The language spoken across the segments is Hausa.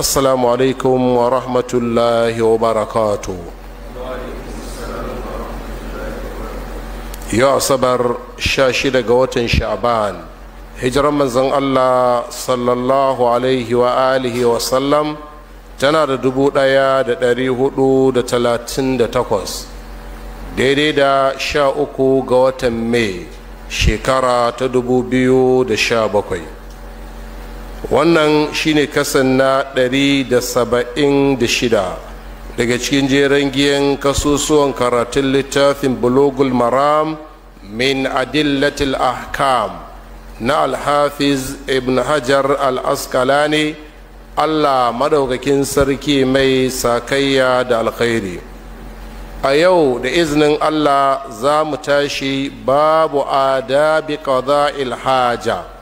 assalamu alaikum wa rahmatullahi wa barakatu yau asabar sha shida ga watan sha'ban hijiran manzan allah sallallahu alaihi wa alihi wa sallam tana da dubu ɗaya da ɗari hudu da talatin da takwas daidai da sha uku ga watan mai shekara ta dubu biyu da sha bakwai wannan shine kasan na 176 daga cikin jeren giyan kasusuwan karatun littafin bulogul maram min adillatil ahkam na alhafiz ibn hajar al-askalani allah madaukakin sarki mai sakayya da alkhairi a yau da izinin allah za mu tashi babu adabi qada'il haja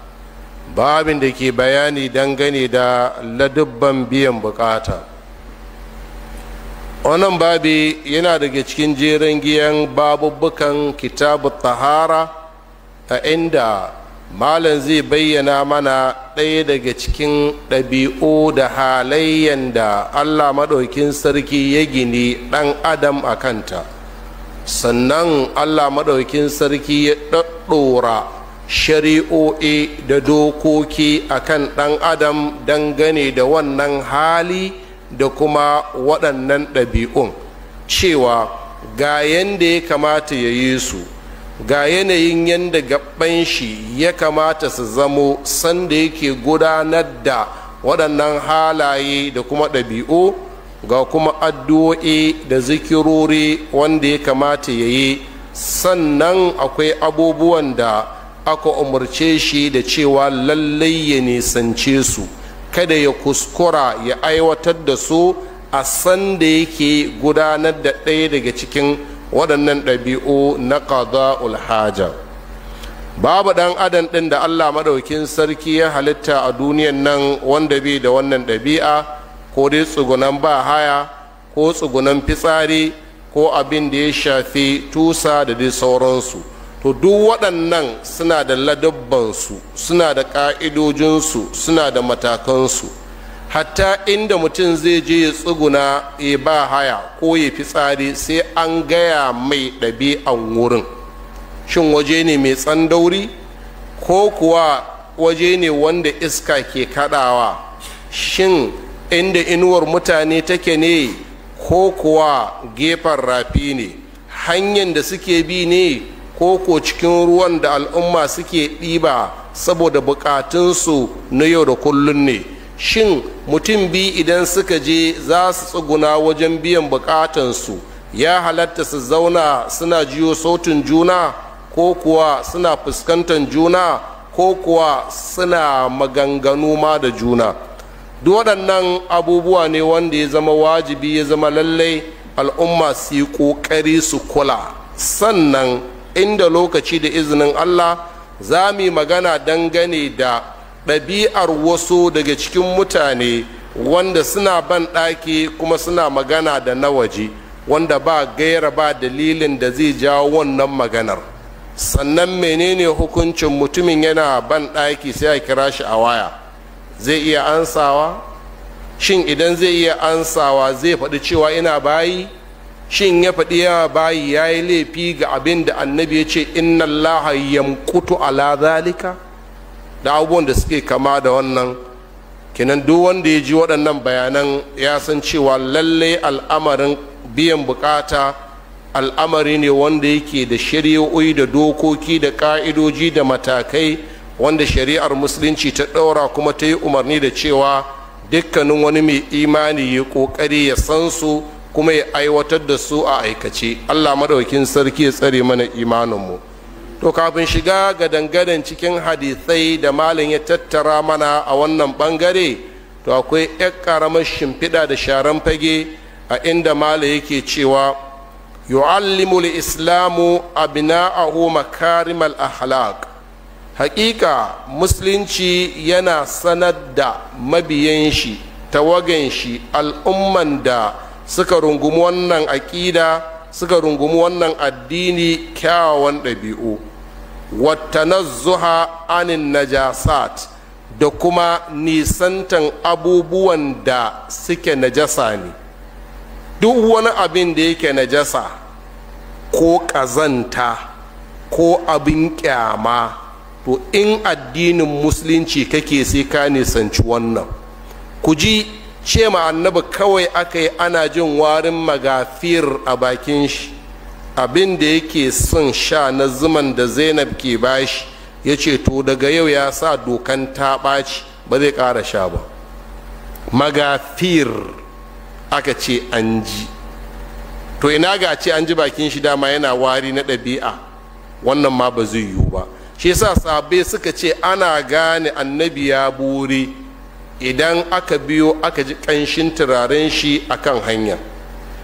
babin da ke bayani dangane da ladubban biyan bukata wannan babi yana daga cikin jerin giyan babubbukan kitabu tahara a inda malam zai bayyana mana ɗaya daga cikin ɗabi'u da halayyar da allah maɗaukin sarki ya gini ɗan adam a kanta sannan allah maɗaukin sarki ya ɗaɗɗora shari'o'i da dokoki a kan ɗan adam dangane da wannan hali da kuma waɗannan ɗabi'un cewa ga yadda ya kamata ya yi su ga yanayin yadda gaban shi ya kamata su zamo sanda yake gudanar da waɗannan halaye da kuma ɗabi'u ga kuma addu'o'i da zikirori wanda ya kamata ya yi sannan akwai abubuwan da aka umarce shi da cewa lallai ya nisance su kada ya kuskura ya aiwatar da su a san da yake gudanar da ɗaya daga cikin waɗannan ɗabi'u na qada'ul haja babu ɗan adam ɗin da allah maɗaukin sarki ya halitta a duniyan nan wanda bai da wannan ɗabi'a ko dai tsugunan ba haya ko tsugunan fitsari ko abin da ya shafi tusa da dai sauransu to duk waɗannan suna da ladabbansu suna da ƙa'idojinsu suna da matakansu hatta inda mutum zai je ya tsuguna ya ba haya ko ya fi fitsari sai an gaya mai ɗabi'an wurin shin waje ne mai tsandauri ko kuwa waje ne wanda iska ke kaɗawa shin inda inuwar mutane take ne ko kuwa gefen rafi ne hanyar da suke bi ne ko ko cikin ruwan da al'umma suke ɗiba saboda bukatunsu na yau da kullun ne shin mutum bi idan suka je za su tsuguna wajen biyan bukatansu ya halatta su zauna suna jiyo sautin juna ko kuwa suna fuskantar juna ko kuwa suna maganganu ma da juna duk waɗannan abubuwa ne wanda ya zama wajibi ya zama lallai al'umma su yi ƙoƙari su kula sannan inda lokaci da izinin allah za mu yi magana dangane da ɗabi'ar wasu daga cikin mutane wanda suna ban ɗaki kuma suna magana da na waje wanda ba gaira ba dalilin da zai jawo wannan maganar sannan menene hukuncin mutumin yana ban ɗaki sai a kira shi a waya zai iya ansawa shin idan zai iya ansawa zai faɗi cewa ina bayi shin ya faɗi ya bayi ya yi laifi ga abin da annabi ya ce inna allaha yamkutu ala zalika da abubuwan da suke kama da wannan kinan duk wanda ya ji waɗannan bayanan ya san cewa lallai al'amarin biyan bukata al'amari ne wanda yake da shari'o'i da dokoki da ka'idoji da matakai wanda shari'ar musulunci ta ɗaura kuma ta yi umarni da cewa dukkanin wani mai imani ya ƙoƙari ya san su kuma ya aiwatar da su a aikace allah maɗaukin sarki ya tsare mana imaninmu to kafin shiga ga dangaren cikin hadisai da malin ya tattara mana a wannan ɓangare to akwai 'yan ƙaramar shimfiɗa da sharan fage a inda malin yake cewa yu'allimu islamu abina'ahu makarimal ahlak haƙiƙa musulunci yana sanar da mabiyan shi tawagan shi al'umman da suka rungumi wannan aƙida suka rungumi wannan addini kyawawan ɗabi'u zuha anin najasat da kuma nisantan abubuwan da suke najasa ne duk wani abin da yake najasa ko ƙazanta ko abin ƙyama to in addinin musulunci kake sai ka nisanci wannan ku ji ce ma annabi kawai aka yi ana jin warin magafir a bakin shi abin da yake son sha na zuman da zainab ke bashi ya ce to daga yau ya sa dokan ta ɓaci ba zai ƙara sha ba magafir aka ce an ji to ina ga ce an ji bakin shi dama yana wari na ɗabi'a wannan ma ba zai yiwu ba shi sa sabai suka ce ana gane annabi ya bore idan aka biyo aka ji ƙanshin turaren shi akan hanya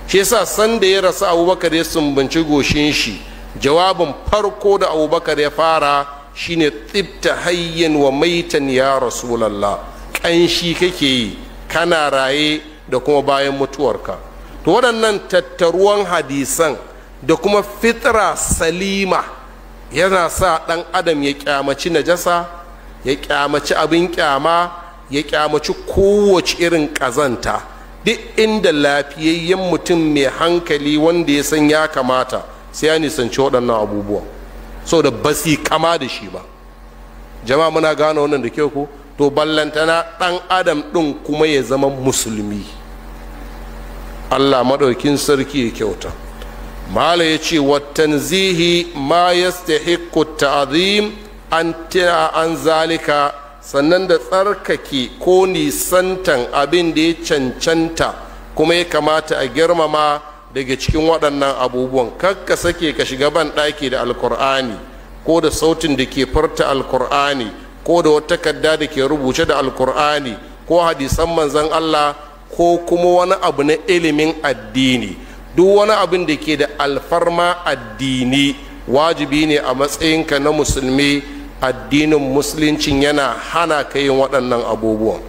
shi yasa sanda ya rasu abubakar ya sumbanci goshin shi jawabin farko da abubakar ya fara shine tsibta hayyan wa maitan ya rasulallah ƙanshi kake yi kana raye da kuma bayan mutuwarka to waɗannan tattaruwan hadisan da kuma fitra salima yana sa ɗan adam ya kyamaci najasa ya ƙyamaci abin ƙyama. ya kyamaci kowace irin ƙazanta duk inda lafiyayyen mutum mai hankali wanda ya san ya kamata sai ya nisanci waɗannan abubuwa sau da basi kama da shi ba jama'a muna gano wannan da kyau ku to ballantana ɗan adam ɗin kuma ya zama musulmi allah maɗaukin sarki ya kyauta mala ya ce watanzihi ma yastahiqqu ta'zim an tina an zalika sannan da tsarkake ko nisantan abin da ya cancanta kuma ya kamata a girmama daga cikin waɗannan abubuwan kakka sake ka shiga ban ɗaki da alkur'ani ko da sautin da ke furta alkur'ani ko da wata takarda da ke rubuce da alkur'ani ko hadisan manzan allah ko kuma wani abu na ilimin addini duk wani abin da ke da alfarma addini wajibi ne a matsayinka na musulmi addinin musuluncin yana hana ka yin waɗannan abubuwan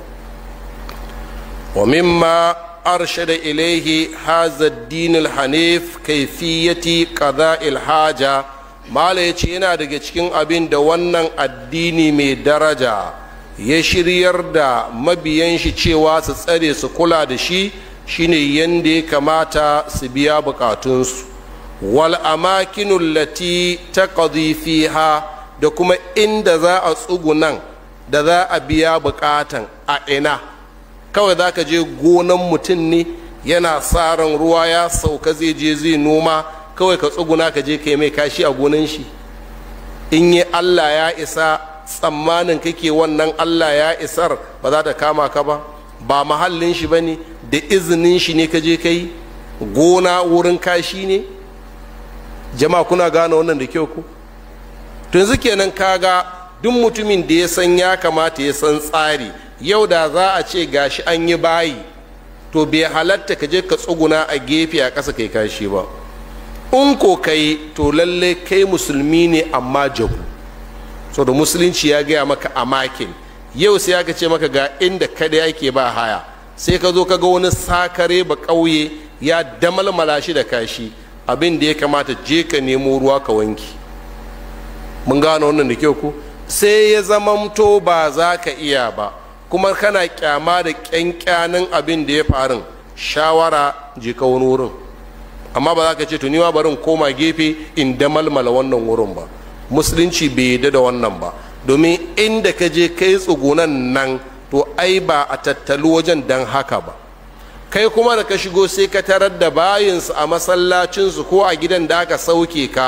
wa mimma arshada ilaihi haza dinil hanif kaifiyati qada ilhaja mala ya ce yana daga cikin abin da wannan addini mai daraja ya shiryar da mabiyan shi cewa su tsare su kula da shi shine yadda ya kamata su biya bukatunsu wal amakinul lati taqdi fiha da kuma inda za a tsugunan da za a biya bukatan a ina kawai za ka je gonan mutum ne yana tsarin ruwa ya sauka zai je zai noma kawai ka tsuguna ka je ka mai kashi a gonan shi in yi allah ya isa tsammanin kake wannan allah ya isar ba za ta kama ka ba ba mahallin shi ba ne da izinin shi ne ka je ka yi gona wurin kashi ne jama'a kuna gane wannan da kyau ku to yanzu kenan kaga duk mutumin da ya san ya kamata ya san tsari yau da za a ce gashi an yi bayi to bai halatta ka je ka tsuguna a gefe a kasa kai kashi ba in ko kai to lalle kai musulmi ne amma jabu so da musulunci ya gaya maka a makin yau sai aka ce maka ga inda kada yake ba haya sai ka zo ka ga wani sakare ba ƙauye ya damalmala shi da kashi abin da ya kamata je ka nemo ruwa ka wanki mun gano wannan da kyau ku sai ya zama zamanto ba za ka iya ba kuma kana kyama da kyankyanin abin da ya farin shawara je ka wani wurin amma ba za ka ce tuniwa barin koma gefe in da malmala wannan wurin ba musulunci bai yi da wannan ba domin inda ka je kai tsugunan nan to ai ba a tattalu wajen dan haka ba kai kuma da ka shigo sai ka tarar da bayinsu a masallacinsu ko a gidan da aka sauke ka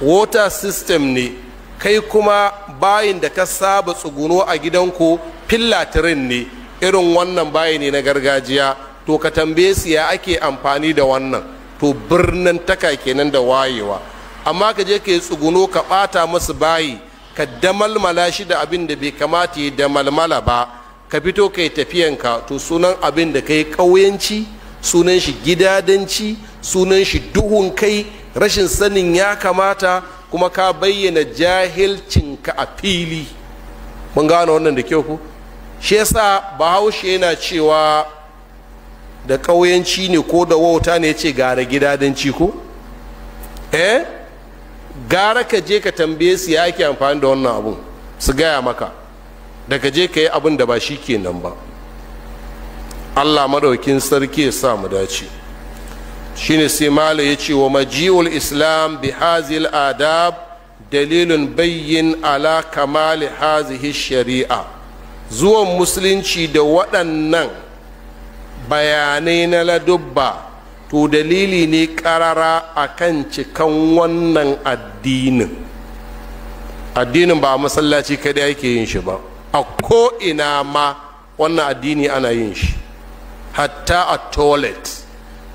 water system ne kai kuma bayin da ka saba tsuguno a gidanku fillatirin ne irin wannan bayi ne na gargajiya to ka tambaye su ya ake amfani da wannan to birnin taka kenan da wayewa amma ka je ka yi tsuguno ka ɓata masu bayi ka damalmala shi da abin da bai kamata ya damalmala ba ka fito ka yi tafiyanka to sunan abin da ka yi ƙauyanci sunan shi gidadanci sunan shi duhun kai rashin sanin ya kamata kuma ka bayyana jahilcinka a fili mun gano wannan da kyau ku shi yasa bahaushe yana cewa da ƙauyenci ne ko da wauta ne ya ce gara gidadanci ko eh gara ka je ka tambaye su ya ake amfani da wannan abun su gaya maka da ka je ka yi abin da ba shi ke nan ba allah madaukin sarki ya sa mu dace shine sai mala ya ce wa maji'ul islam bi hazil adab dalilun bayyin ala kamali hazihi shari'a zuwan musulunci da waɗannan bayanai na ladubba to dalili ne ƙarara a kan cikan wannan addinin addinin ba a masallaci kaɗai ake yin shi ba a ko'ina ma wannan addini ana yin shi hatta a toilet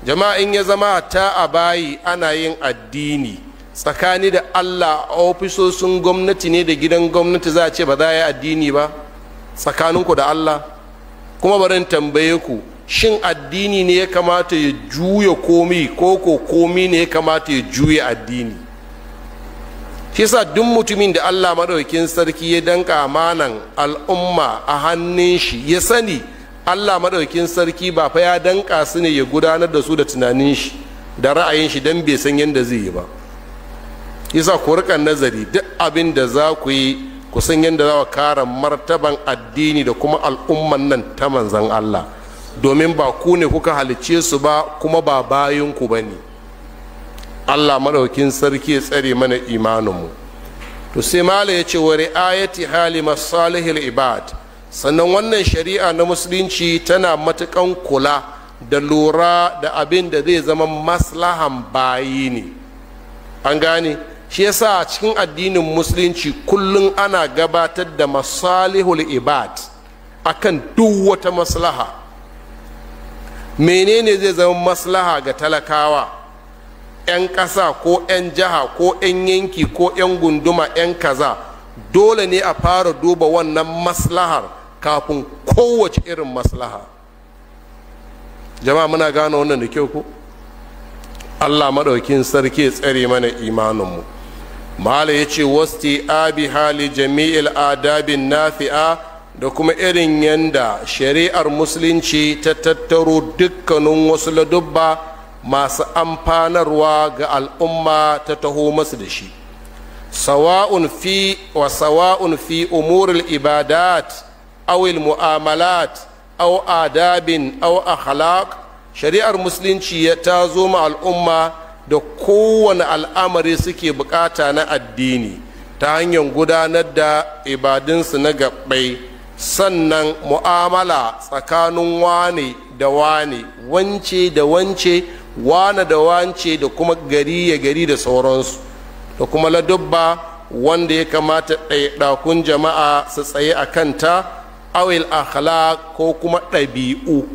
jama'a in ya zama ta a bayi ana yin addini tsakani da allah ofisoshin gwamnati ne da gidan gwamnati za a ce ba za a yi addini ba tsakaninku da allah kuma barin tambaye ku shin addini ne ya kamata ya juya komi ko ko komi ne ya kamata ya juya addini shi sa duk mutumin da allah maɗaukin sarki ya danka amanan al'umma a hannun shi ya sani allah maɗaukin sarki ba fa ya danƙa su ne ya gudanar da su da tunanin shi da ra'ayin shi don bai san yadda zai yi ba yasa ku rika nazari duk abin da za ku yi ku san yadda za ku kara martaban addini da kuma al'umman nan ta manzan allah domin ba ku ne kuka halicce su ba kuma ba bayanku ba ne allah maɗaukin sarki ya tsare mana imaninmu to sai mala ya ce wa ri'ayati hali masalihil ibad sannan wannan shari'a na musulunci tana matukan kula da lura da abin da zai zama maslahan bayi ne an gane shi yasa a cikin addinin musulunci kullum ana gabatar da masalihul ibad akan duk wata maslaha menene zai zama maslaha ga talakawa 'yan ƙasa ko 'yan jiha ko 'yan yanki ko 'yan gunduma 'yan kaza dole ne a fara duba wannan maslahar kafin kowace irin maslaha jama'a muna gano wannan da kyau ku. allah maɗaukin sarki ya tsare mana imaninmu mu ya ce wasti abi hali jami'il adabin nafi'a da kuma irin yanda shari'ar musulunci ta tattaro dukkanin wasu ladubba masu amfanarwa ga al'umma ta taho masu da shi sawa'un fi wa sawa'un fi umuril ibadat awil mu'amalat aw adabin aw akhlaq shari'ar musulunci ta zoma ma al'umma da kowane al'amari suke bukata na addini ta hanyar gudanar da ibadunsu na gabbai sannan mu'amala tsakanin wane da wane wance da wance wane da wance da kuma gari ya gari da sauransu da kuma ladubba wanda ya kamata ɗaiɗakun jama'a su tsaye a kanta awil akhlaq ko kuma ɗabi'u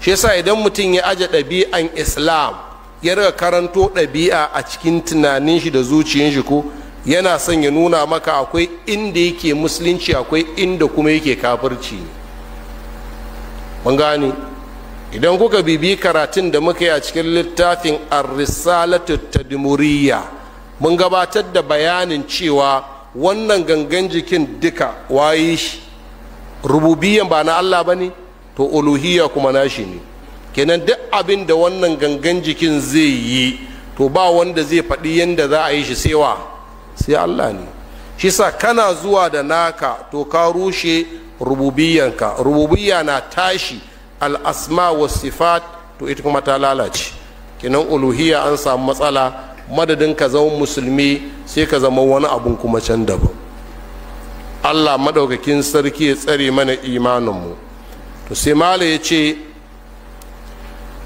shi yasa idan mutum ya aje ɗabi'an islam ya riga karanto ɗabi'a a cikin tunanin shi da zuciyin shi ko yana son ya nuna maka akwai inda yake musulunci akwai inda kuma yake kafirci mun idan kuka bibi karatun da muka yi a cikin littafin arisalatu risalatu mun gabatar da bayanin cewa wannan gangan jikin duka wayi shi rububiyan ba na Allah ba ne to uluhiyya kuma nashi ne kenan duk abin da wannan gangan jikin zai yi to ba wanda zai faɗi yadda za a yi shi sewa sai Allah ne shi sa kana zuwa da naka to ka rushe rububiyanka rububiyya na tashi al'asma wa sifat to ita kuma ta lalace kenan uluhiyya an samu matsala madadin ka zama musulmi sai ka zama wani abun kuma can daban allah maɗaukakin sarki ya tsare mana imaninmu to sai mala ya ce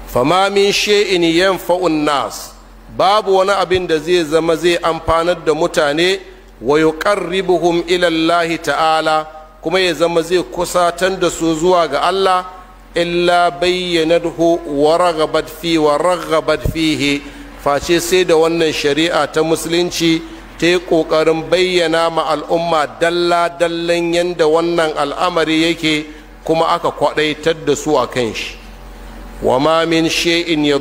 fama min she'in yan fa'un nas babu wani abin da zai zama zai amfanar da mutane wa yuqarribuhum ila Allah ta'ala kuma ya zama zai kusatar da su zuwa ga Allah illa bayyanadhu wa raghabat fi wa raghabat fihi face sai da wannan shari'a ta musulunci ta yi ƙoƙarin bayyana ma al'umma dalla-dallan yadda wannan al'amari yake kuma aka kwaɗaitar da su a kan shi wa ma min she'in ya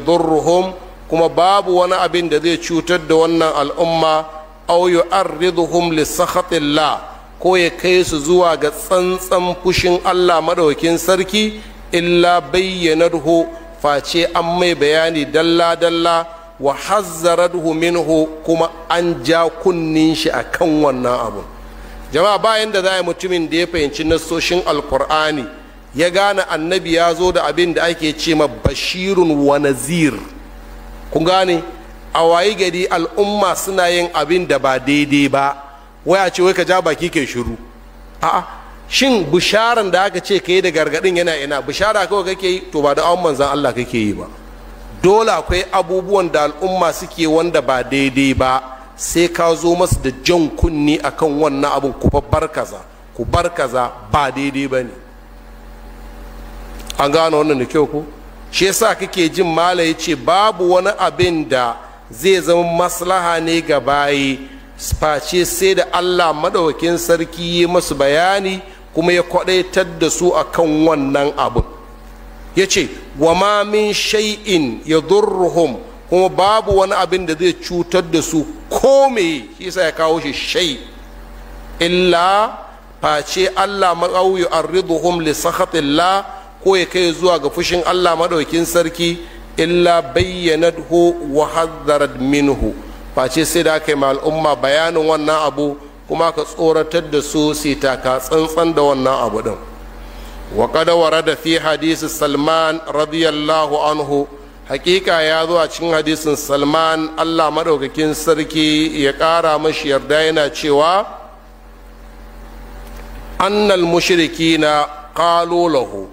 kuma babu wani abin da zai cutar da wannan al'umma au yu'arriduhum li sakhatillah ko ya kai su zuwa ga tsantsan fushin Allah maɗaukin sarki illa bayyanar face an mai bayani dalla-dalla wa hazzarahu hu kuma an ja kunnin shi a kan wannan abun jama'a bayan da za a mutumin da ya fahimci nassoshin alkur'ani ya gane annabi ya zo da abin da ake ce ma bashirun wa nazir gane a wayi gari al'umma suna yin abin da ba daidai ba waya ce wai ka ja baki ke shiru a'a shin bisharar da aka ce ka yi da gargadin yana ina bishara kawai kake yi to ba da awon manzan Allah kake yi ba dole akwai abubuwan da al'umma suke wanda ba daidai ba sai ka zo masu da jan kunni akan wannan abin ku bar kaza ku bar kaza ba daidai ba ne an gano wannan da kyau ko shi yasa kake jin mala ya ce babu wani abin da zai zama maslaha ne ga bayi face sai da allah maɗaukin sarki ya masu bayani kuma ya kwaɗaitar da su akan wannan abin ya ce wa ma min shay'in ya durruhum kuma babu wani abin da zai cutar da su kome shi sa ya kawo shi shai illa face allah maɗauyi arriduhum li sakhatillah ko ya kai zuwa ga fushin allah maɗaukin sarki illa bayyanathu wa minhu face sai da aka yi al'umma bayanin wannan abu kuma ka tsoratar da su sai taka tsantsan da wannan abu ɗin. وقد ورد في حديث سلمان رضي الله عنه حقيقة يا ذو أشين حديث سلمان الله مدوك كين سركي يقارا مش يردين تشوا أن المشركين قالوا له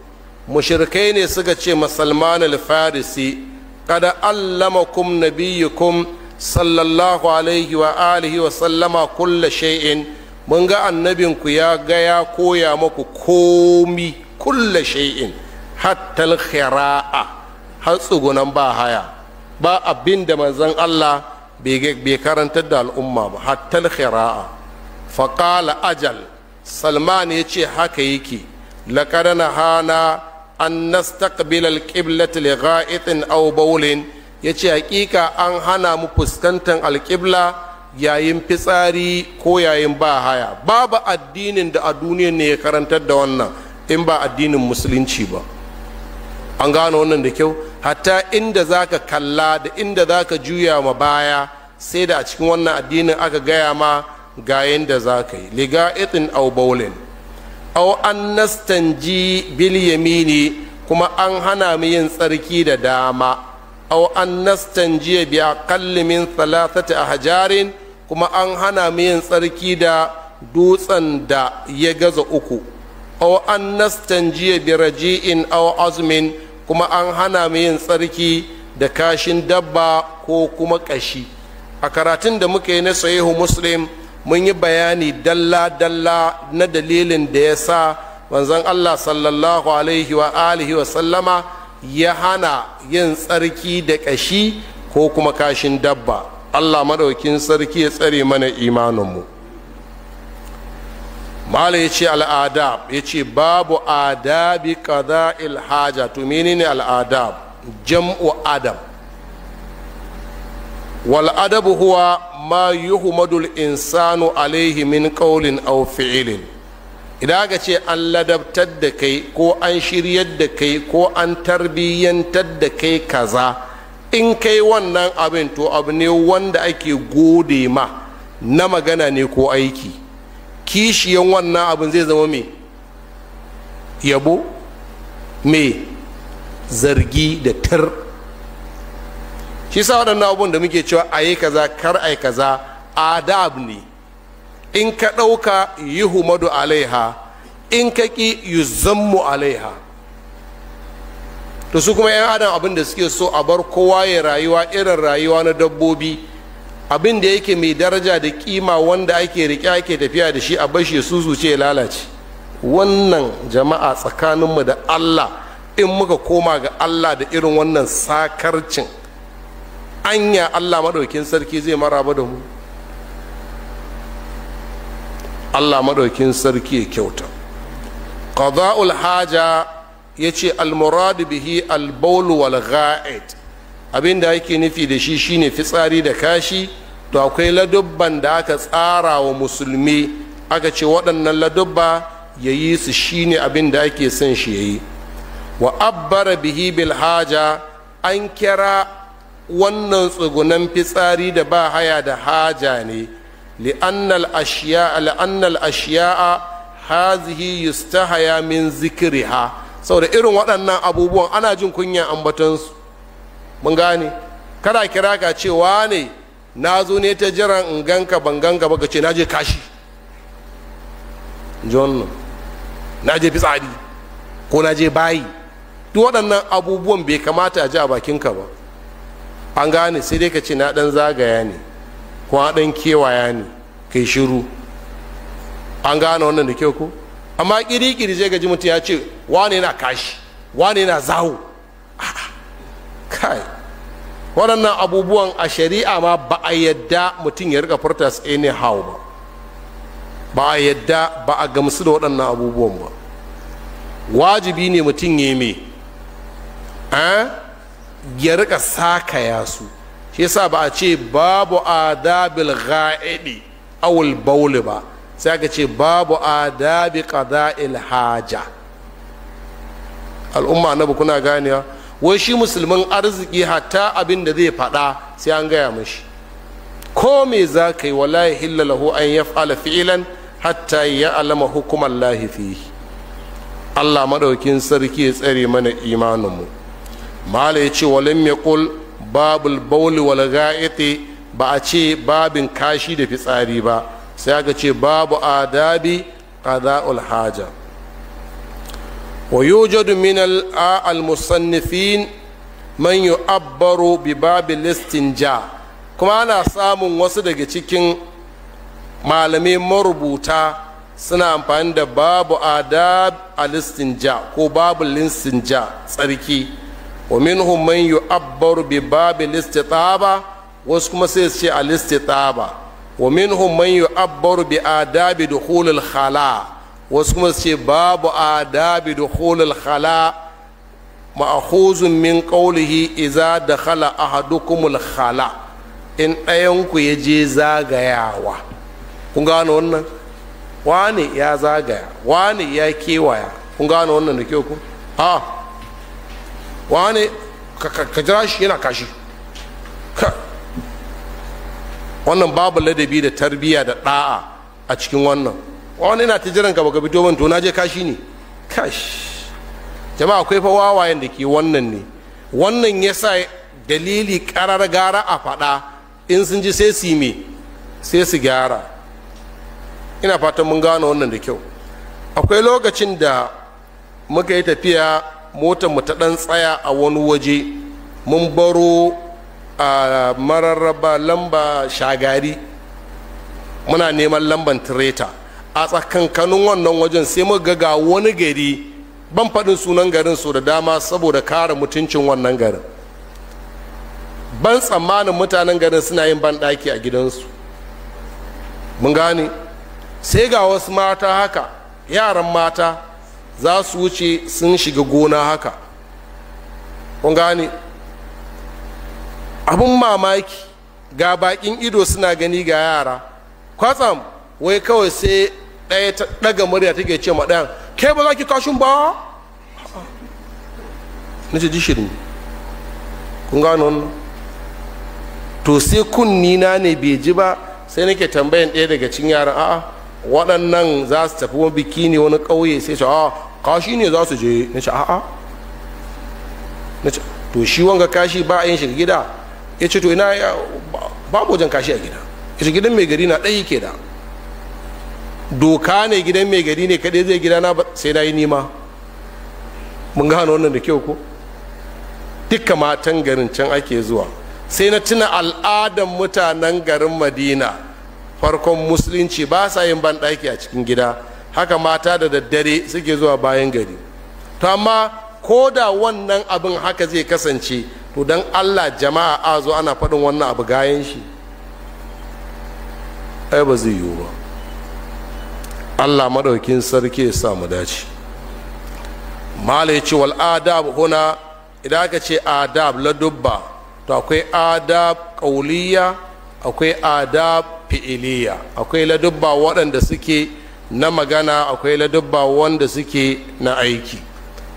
مشركين سكتشي مسلمان الفارسي قد علمكم نبيكم صلى الله عليه وآله وسلم كل شيء mun ga annabinku ya ga ya koya muku komi kulla shay'in hatta khiraa har tsugunan ba haya ba abin da manzon Allah bai karantar da al'umma ba hatta al-khira'a faqala ajal salman ya ce haka yake laqad hana an nastaqbil al-qiblat li aw bawlin yace hakika an hana mu fuskantar al yayin fitsari ko yayin ba haya babu addinin da a duniya ne ya karantar da wannan in ba addinin musulunci ba an gano wannan da kyau hatta inda za ka kalla da inda za ka juya ma baya sai da a cikin wannan addinin aka gaya ma ga yadda za ka yi liga itin au au an nastanji bil kuma an hana mu yin tsarki da dama au an nastanji bi aqalli min thalathati ahjarin kuma an hana mu yin tsarki da dutsen da ya gaza uku aw an nastanjiya bi raji'in aw azmin kuma an hana mu yin tsarki da kashin dabba ko kuma kashi a karatun da muka yi na sahihu muslim mun yi bayani dalla dalla na dalilin da ya sa manzon Allah sallallahu alaihi wa alihi wa sallama ya hana yin tsarki da kashi ko kuma kashin dabba Allah madaukin sarki ya tsare mana imaninmu mu mala ya ce al'adab ya ce babu adabi kaza ilhaja to ne al'adab jam'u adam wal adabu huwa ma yuhmadul insanu alaihi min qawlin aw fi'lin idan aka ce an ladabtar da kai ko an shiryar da kai ko an tarbiyyantar da kai kaza in kai wannan abin to abu ne wanda ake gode ma na magana ne ko aiki kishiyan wannan abin zai zama me yabo mai zargi da tar shi sa waɗannan abubuwan da muke cewa a yi kaza kar a yi kaza adab ne in ka ɗauka yi humadu alaiha in ka ƙi yi zammu alaiha Da su kuma 'yan adam abin da suke so a bar kowa ya rayuwa irin rayuwa na dabbobi abin da yake mai daraja da kima wanda ake riƙe ake tafiya da shi a bashi su ya lalace wannan jama'a tsakaninmu da allah in muka koma ga allah da irin wannan sakarcin anya allah maɗaukin sarki zai maraba da mu allah maɗaukin sarki ya kyauta qada'ul haja ya ce almuradu bihi albaulu wal gha'id abin da ake nufi da shi shine fitsari da kashi to akwai ladubban da aka tsara wa musulmi aka ce waɗannan ladubba ya yi su shine abin da ake son shi ya yi wa abbara bihi bilhaja an kira wannan tsugunan fitsari da ba haya da haja ne li'annal ashiya'a li'annal ashiya'a hazihi yustahaya min Sau saboda irin waɗannan abubuwan ana jin kunya ambatansu mun gane kada kira ka ce wane na zo ne ta jiran in ganka ban ganka ba ka ce na je kashi john na je fitsari ko na je bayi duk waɗannan abubuwan bai kamata a ji a bakinka ba an gane sai dai ka ce na ɗan zagaya ne ko na ɗan kewaya ne kai shiru an gane wannan da kyau ko amma kiri-kiri zai gaji mutum ya ce wane na kashi wane na zawo a'a kai waɗannan abubuwan a shari'a ma ba a yadda mutum ya rika furta su anyhow ba ba a yadda ba a gamsu da waɗannan abubuwan ba wajibi ne mutum ya me a eh? ya rika sakaya su shi yasa ba a ce babu adabil ga'idi awul bauli ba sai aka ce babu adabi qada'il haja al'umma annabi kuna ganewa wai shi musulmin arziki hatta abin da zai faɗa sai an gaya mashi ko me za ka yi wallahi hilla lahu an yaf'ala fi'ilan hatta ya alama hukumar lahifi Allah maɗaukin sarki ya tsare mana imaninmu mala ya ce walim ya kul babul bauli wal ga'iti ba a ce babin kashi da fitsari ba sai aka ce babu adabi qada'ul haja yi wa a ويوجد abaru المصنفين من يعبر ja. Kuma ana samun wasu daga cikin malamai marubuta suna amfani da babu adab ja ko babu ja tsarki wa min hu man yu'abbaru bi babi listitaba wasu kuma sai su ce alistitaba wa minhum man yu'abbaru bi adabi da dukhulul khala' wasu kuma su ce babu adabi dukhulul khala ma'khuzun min qawlihi a hadu ahadukumul khala in ɗayanku ya je zagayawa kun gano wannan wani ya zagaya wani ya kewaya kun gano wannan da kyau ku ha wani ka jira shi yana kashi wannan babu ladabi da tarbiyya da ɗa'a a cikin wannan wani na ta jiran ka baka fito ban to na je kashi ne kash jama'a akwai fa wawayen da ke wannan ne wannan ya sa dalili karar gara a faɗa in sun ji sai su me sai su gyara ina fatan mun gano wannan da kyau akwai lokacin da muka yi tafiya motar mu ta ɗan tsaya a wani waje mun baro a mararraba lamba shagari muna neman lamban tireta a tsakankanin wannan wajen sai muka ga wani gari ban faɗin sunan garin su da dama saboda kare mutuncin wannan garin ban tsammanin mutanen garin suna yin ban ɗaki a gidansu mun gane sai ga wasu mata haka yaran mata za su wuce sun shiga gona haka mun gane abin mamaki ga bakin ido suna gani ga yara kwatsam wai kawai sai ɗaya ta ɗaga murya take ce ma ɗayan kai ba za ki kashin ba na ce ji shirin kun gano wannan to sai kunni na ne bai ji ba sai nake tambayan ɗaya daga cikin yaran a'a waɗannan za su tafi wani biki ne wani ƙauye sai ce a'a kashi ne za su je na ce a'a to shi wanga kashi ba a yin shiga gida ya ce to ina babu wajen kashi a gida ya ce gidan mai gari na ɗaya ke da doka ne gidan mai gari ne kaɗai zai gidana sai na yi nima mun gano wannan da kyau ko duka matan garin can ake zuwa sai na tuna al'adan mutanen garin madina farkon musulunci ba sa yin banɗaki a cikin gida haka mata da daddare suke zuwa bayan gari to amma ko da wannan abin haka zai kasance to don allah jama'a a zo ana faɗin wannan abu gayan shi ba zai yiwu ba allah maɗaukin sarki ya sa mu dace malam wal adab huna idan aka ce adab ladubba to akwai adab ƙauliya akwai adab fi'iliya akwai ladubba waɗanda suke na magana akwai ladubba wanda suke na aiki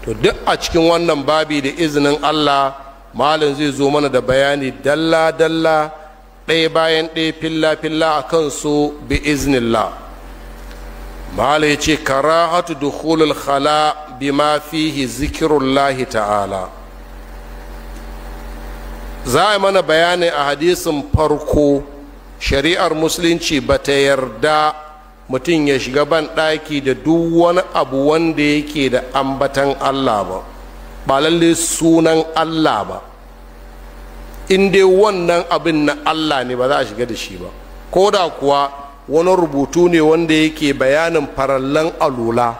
to duk a cikin wannan babi da izinin allah malam zai zo mana da bayani dalla-dalla ɗaya bayan ɗaya filla-filla a kansu bi iznillah mala ya ce karahatu dukhulul khala bima fihi zikirullahi ta'ala za a mana bayani a hadisin farko shari'ar musulunci ba ta yarda mutum ya shiga ban ɗaki da duk wani abu wanda yake da ambatan allah ba ba lalle sunan allah ba in dai wannan abin na allah ne ba za a shiga da shi ba ko da kuwa wani rubutu ne wanda yake bayanin farallan alula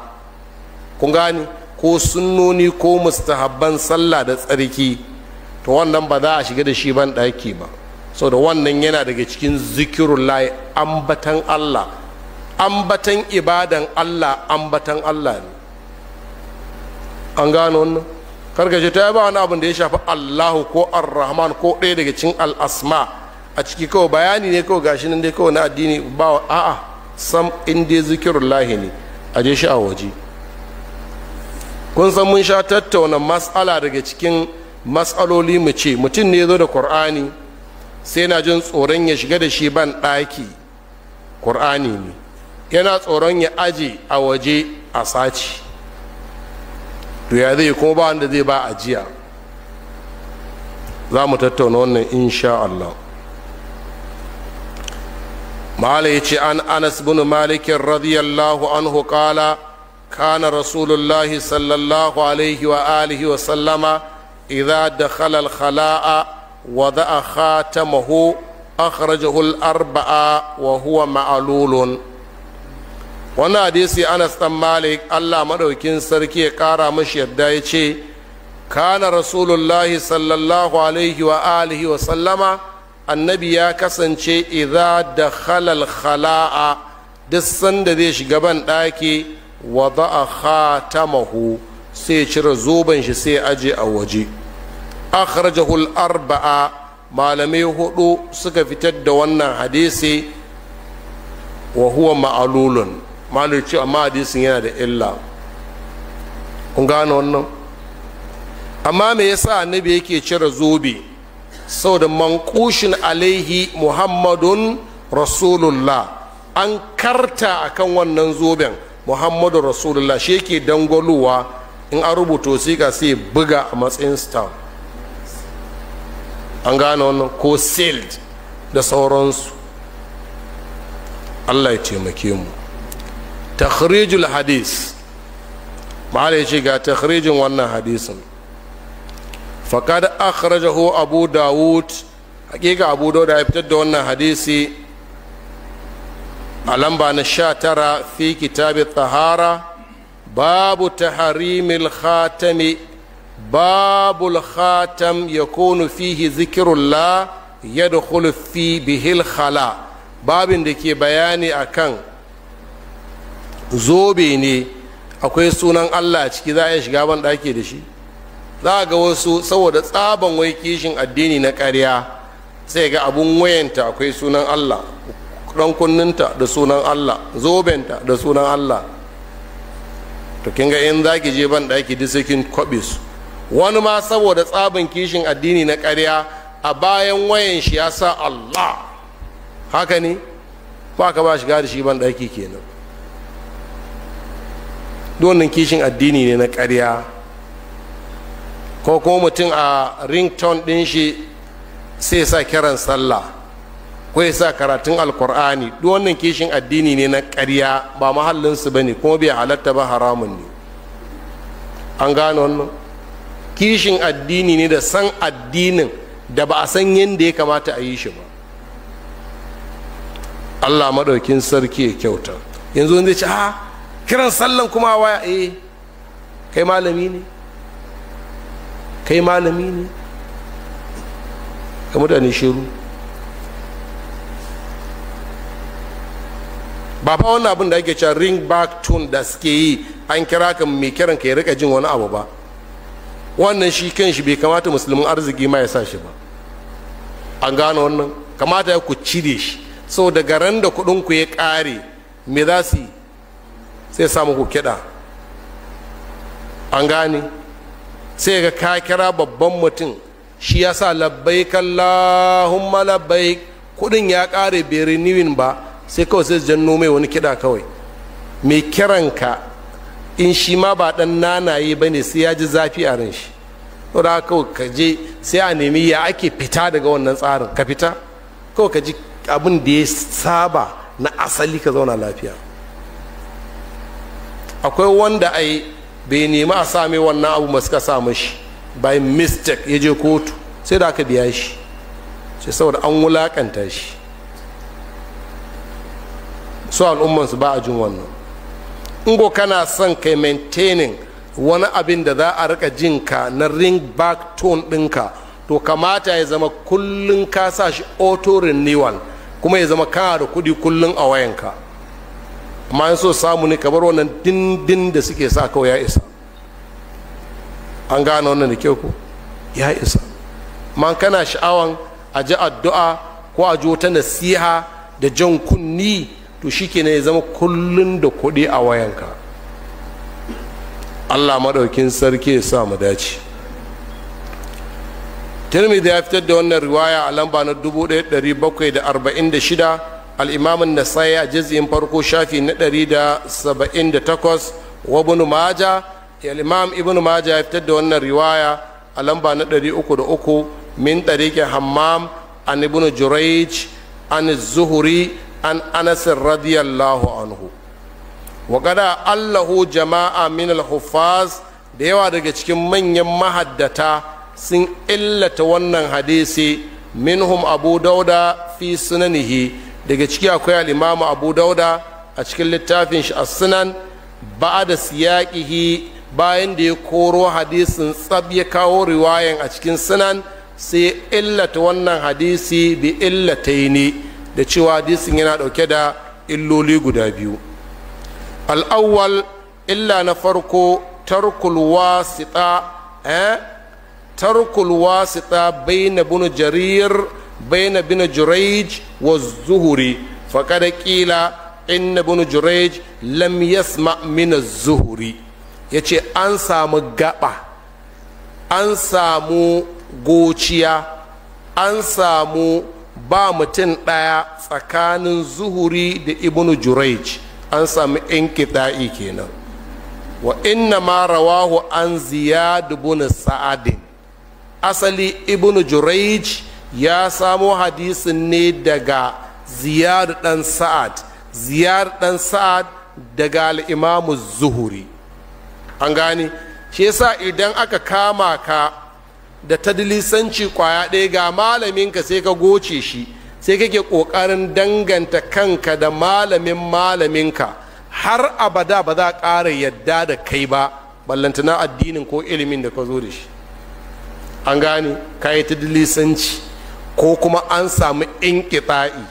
kun gani ko sunnoni ko mustahabban sallah da tsarki to wannan ba za a shiga da shi ban ɗaki ba sau da wannan yana daga cikin zikirullahi ambatan allah ambatan ibadan allah ambatan allah ne an gano wannan karkace ta yaba wani abin da ya shafi allahu ko ar-rahman ko ɗaya daga cikin al'asma a ciki kawai bayani ne kawai gashi nan dai kawai na addini ba a'a sam in dai zikirun lahi ne a je shi a waje kun san mun sha tattauna matsala daga cikin matsaloli mu ce mutum ne zo da ƙur'ani sai na jin tsoron ya shiga da shi ban ɗaki ne yana tsoron ya aje a waje a saci to ya zai kuma ba wanda zai ba ajiya za mu tattauna wannan insha Allah mala ce an anas bin malikin radiyallahu anhu kala kana rasulullahi sallallahu alaihi wa alihi wa sallama idza dakhala al-khala'a wada'a khatamahu akhrajahu al-arba'a wa huwa ma'lulun wannan hadisi anas dan malik Allah maɗaukin sarki ya ƙara mashi yadda ya ce kana rasulullahi sallallahu alaihi wa sallama annabi ya kasance idza da halal khala'a duk sanda zai shiga ban ɗaki wa ba'a khatamahu sai cire zoben shi sai aje a waje akhrajahu arba'a malamai hudu suka fitar da wannan hadisi wa huwa ma'alulun ce amma hadisin yana da illa kun gane wannan amma me yasa annabi yake cire zobe saboda mankushin alaihi muhammadun rasulullah an karta akan wannan zoben muhammadun rasulullah shi yake dangwalowa in an rubuta siga sai buga a matsayin stamp an gane wannan ko sealed da sauransu allah ya taimake mu takhrijul hadis ma'ala ya ce ga takhrijin wannan hadisin faqad akhrajahu abu dawud hakika abu dawud ya fitar da wannan hadisi a lamba na sha tara fi kitabi tsahara babu taharimil khatami babu khatam yakunu fihi zikrullah yadkhulu fi bihil khala babin da ke bayani akan zobe ne akwai sunan Allah ciki za a iya shiga ban da shi za a ga wasu saboda tsaban wai kishin addini na ƙarya sai ga abun wayanta akwai sunan allah ɗan kunninta da sunan allah zobenta da sunan allah to kin ga in zaki je ban ɗaki duk sai wani ma saboda tsabin kishin addini na ƙarya a bayan wayan shi ya sa allah haka ne ba ka ba shiga da shi ban ɗaki kenan donin kishin addini ne na ƙarya ko kuma mutum a rington ɗin shi sai sa kiran sallah ko ya sa karatun alkur'ani duk wannan kishin addini ne na ƙarya ba mahallinsu ba ne kuma bai halatta ba haramun ne an gano wannan kishin addini ne da san addinin da ba a san yadda ya kamata a yi shi ba allah maɗaukin sarki ya kyauta yanzu wanda ce a ah, kiran sallan kuma waya eh kai malami ne kai malami ne ga mutane shiru ba fa wannan abin da ake cewa ring back tune da suke yi an kira ka mai kiran ka ya rika jin wani abu ba wannan shi kan shi bai kamata musulmin arziki ma ya sa shi ba an gano wannan kamata ya ku cire shi sau daga ran da kuɗin ku ya ƙare me za su yi sai samu ku kiɗa an gane sai ga ka kira babban mutum shi ya sa labbai kallahumma labbai kudin ya kare bere niwin ba sai kawai sai janno mai wani kiɗa kawai mai ka in shi ma ba ɗan nanaye ba ne sai ya ji zafi a ran shi kawai ka je sai a nemi ya ake fita daga wannan tsarin ka fita kawai ka ji abin da ya saba na asali ka zauna lafiya akwai wanda ai bai nemi a same wannan abu masu ka samu shi by mistake ya je kotu sai da aka biya shi sai saboda an wulakanta shi su al'ummansu ba a jin wannan ingo kana son kai maintaining wani abin da za a rika jinka na ring back tone ɗinka to kamata ya zama kullum ka sa shi auto renewal kuma ya zama kana da kuɗi kullum a wayanka amma so samu ne kamar wannan dindin da suke sa kawai ya isa an gane wannan da kyau ko ya isa man kana sha'awan a ji addu'a ko a ji wata nasiha da jan kunni to shike ne ya zama kullun da kuɗi a wayanka allah maɗaukin sarki ya sa mu dace tirmidhi ya fitar da wannan riwaya a lamba na 1746 al'imamin nasai a jizgin farko shafi na 178 wa ibn maja al'imam ibn maja ya fitar da wannan riwaya a lamba na 303 min tariqin hammam an ibn jurayj an zuhuri an anasin radiyallahu anhu wa gada allahu jama'a min al da yawa daga cikin manyan mahaddata sun illata wannan hadisi minhum abu dauda fi sunanihi daga ciki akwai al'imamu abu dauda a cikin littafin shi a sunan ba da siyaƙihi bayan da ya koro hadisin tsab ya kawo riwayan a cikin sunan sai illata wannan hadisi bi illatai ne da cewa hadisin yana ɗauke da illoli guda biyu al'awwal illa na farko tarkul wasita eh tarkul wasita bunu jarir بين بن جريج والزهري فقد قيل إن بن جريج لم يسمع من الزهري يتي أنسى مقابة أنسى مو gociya an samu ba mutum ɗaya tsakanin zuhuri da ibnu juraij an samu inkita'i kenan wa inna ma rawahu an ziyad ibn sa'adin asali ibnu juraij ya samo hadisin ne daga ziyar dan sa'ad ziyar dan sa'ad daga al'imamu zuhuri an gane shi yasa idan aka kama ka da tadlisanci kwaya ɗaya ga malaminka sai ka goce shi sai kake ƙoƙarin danganta kanka da malamin malaminka har abada ba za a ƙara yadda da kai ba ballantana addinin ko ilimin da ka zo da shi an gane ka yi tadlisanci ko kuma an samu inkita'i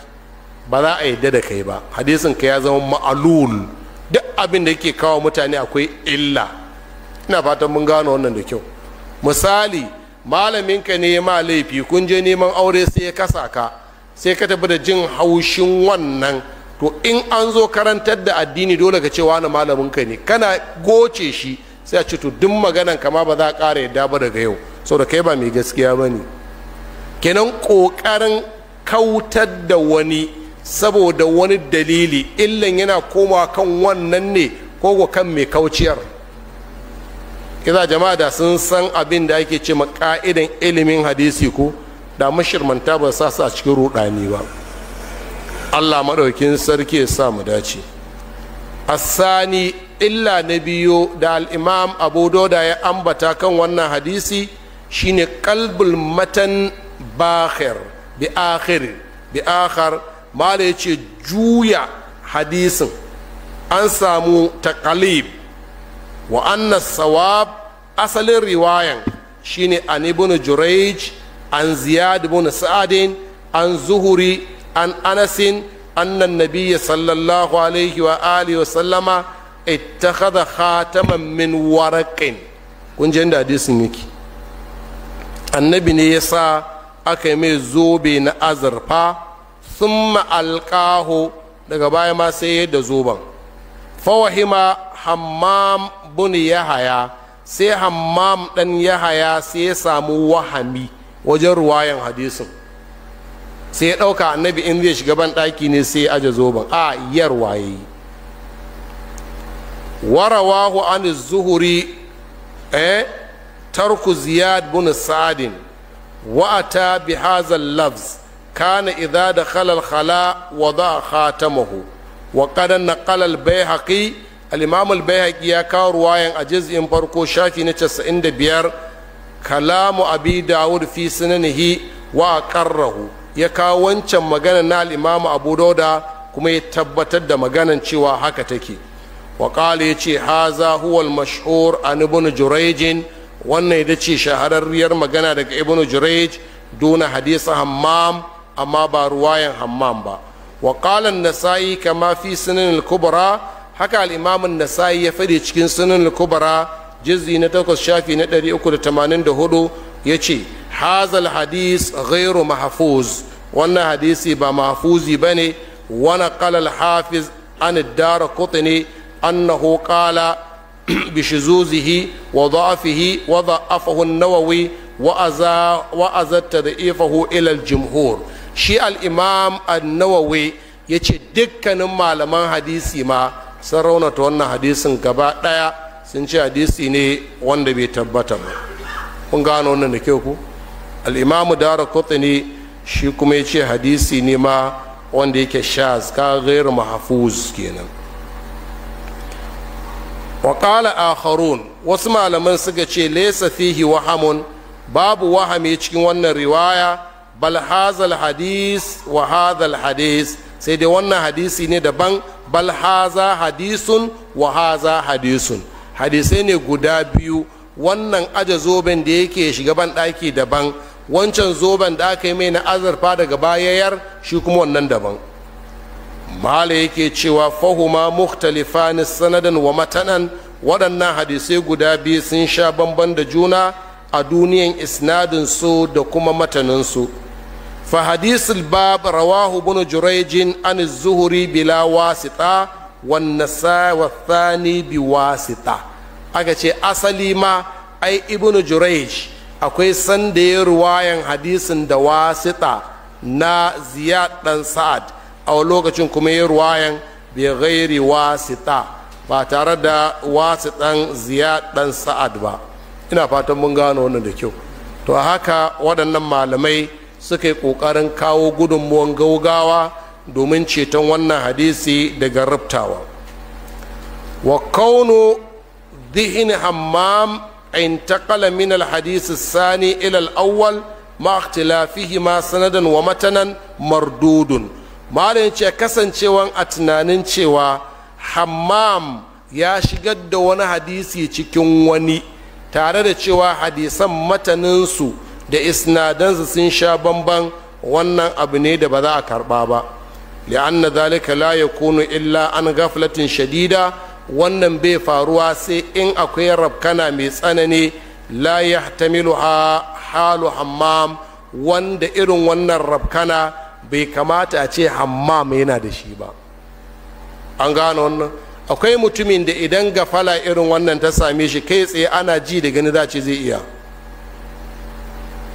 ba za a yadda da kai ba hadisin ka ya zama ma'alul duk abin da yake kawo mutane akwai illa ina fatan mun gano wannan da kyau misali malaminka ne ma laifi kun je neman aure sai ya kasa ka sai ka tafi da jin haushin wannan to in an zo karantar da addini dole ka ce wani malaminka ne kana goce shi sai a ce to duk maganan kama ba za a ƙara yadda ba daga yau saboda kai ba mai gaskiya ba ne kenan ƙoƙarin kautar da wani saboda wani dalili illan yana koma kan wannan ne ko kan mai kauciyar iza jama'a da sun san abin da ake ce ka'idan ilimin hadisi ko da mashirmanta ba sa su a cikin rudani ba allah maɗaukin sarki ya sa mu dace asani illa na biyu da al'imam abu doda ya ambata kan wannan hadisi shine kalbul matan bakhir bi akhir bi akhar mala yace juya hadisin an samu taqalib wa anna sawab asalin riwayan shine an ibn jurayj an ziyad ibn sa'adin an zuhuri an anasin أن النبي صلى الله عليه وآله وسلم اتخذ خاتما من ورق kun ji da hadisin yake annabi ne ya sa aka yi mai zobe na azurfa sun alƙaho daga baya ma sai yadda zoben fawahima hammam bin yahaya sai hammam ɗan yahaya sai ya samu wahami wajen ruwayan hadisin sai ya ɗauka annabi in zai shiga ban ɗaki ne sai ya aje zoben a yar waye warawahu an zuhuri eh tarku ziyad bin sadin wa'ata bi hazal lafz kana idza dakhala al-khala wada khatamahu wa qad naqala al-bayhaqi al-imam al-bayhaqi ya kawo wayan a juz'in farko shafi na 95 kalamu abi dawud fi sunanihi wa qarrahu ya kawo wancan magana na al-imam abu kuma ya tabbatar da maganar cewa haka take wa qala yace haza huwa al-mashhur an ibn wannan ita ce shahararriyar magana daga ibn jurayj duna hadisi hammam amma ba ruwayan hammam ba wa Nasayi nasai kama fi sunan al-kubra haka al-imam nasai ya fadi cikin sunan al-kubra juz'i na 8 shafi na 384 yace hazal hadis ghairu mahfuz wannan hadisi ba mahfuzi bane wa naqala al-hafiz an ad-darqutni annahu qala بشذوذه وضعفه وضعفه النووي وأزا وأزا تضعيفه إلى الجمهور شيء الإمام النووي yace dukkanin malaman hadisi ma sun raunata wannan hadisin gaba ɗaya sun ce hadisi ne wanda bai tabbata ba kun gano wannan da kyau ku al'imamu dara ne shi kuma ya ce hadisi ne ma wanda yake shaz ka gairu mahafuz kenan waƙala ƙala akharun wasu malaman suka ce laysa fihi wahamun babu wahami cikin wannan riwaya bal hazal hadis hadis sai dai wannan hadisi ne daban balhaza hadisun wa hadisun hadisai ne guda biyu wannan aja zoben da yake shiga ban ɗaki daban wancan zoben da aka yi mai na azurfa daga bayayar shi kuma wannan daban mahala yake cewa fahuma mukhtalifan sanadan wa matanan waɗannan hadisai guda biyu sun sha bamban da juna a duniyan isnadin su da kuma matanin su fa hadisul bab rawahu ibn jurayjin an az-zuhri bila wasita wan nasa wa thani bi wasita aka ce asali ma ai ibn jurayj akwai sanda ya ruwayan hadisin da wasita na ziyad dan sa'ad a lokacin kuma ya ruwayan bi gairi wasita ba tare da wasitan ziyad dan sa'ad ba ina fatan mun gano wannan da kyau to haka waɗannan malamai suka yi ƙoƙarin kawo gudunmuwan gaugawa domin ceton wannan hadisi daga rabtawa wa kaunu dhihin hammam alhadisi Sani ilal awwal إلى الأول ma sanadin wa matanan Mardudun. malin ce kasancewan a tunanin cewa hammam ya shigar da wani hadisi cikin wani tare da cewa hadisan mataninsu da isnadansu sun sha bamban wannan abu ne da ba za a karba ba li'anna zalika la yakunu illa an gaflatin shadida wannan bai faruwa sai in akwai rabkana mai tsanani la yahtamilu halu hammam wanda irin wannan rabkana bai kamata a ce hammam yana da shi ba an gano wannan akwai mutumin da idan gafala irin wannan ta same shi kai tsaye ana ji da gani za ce zai iya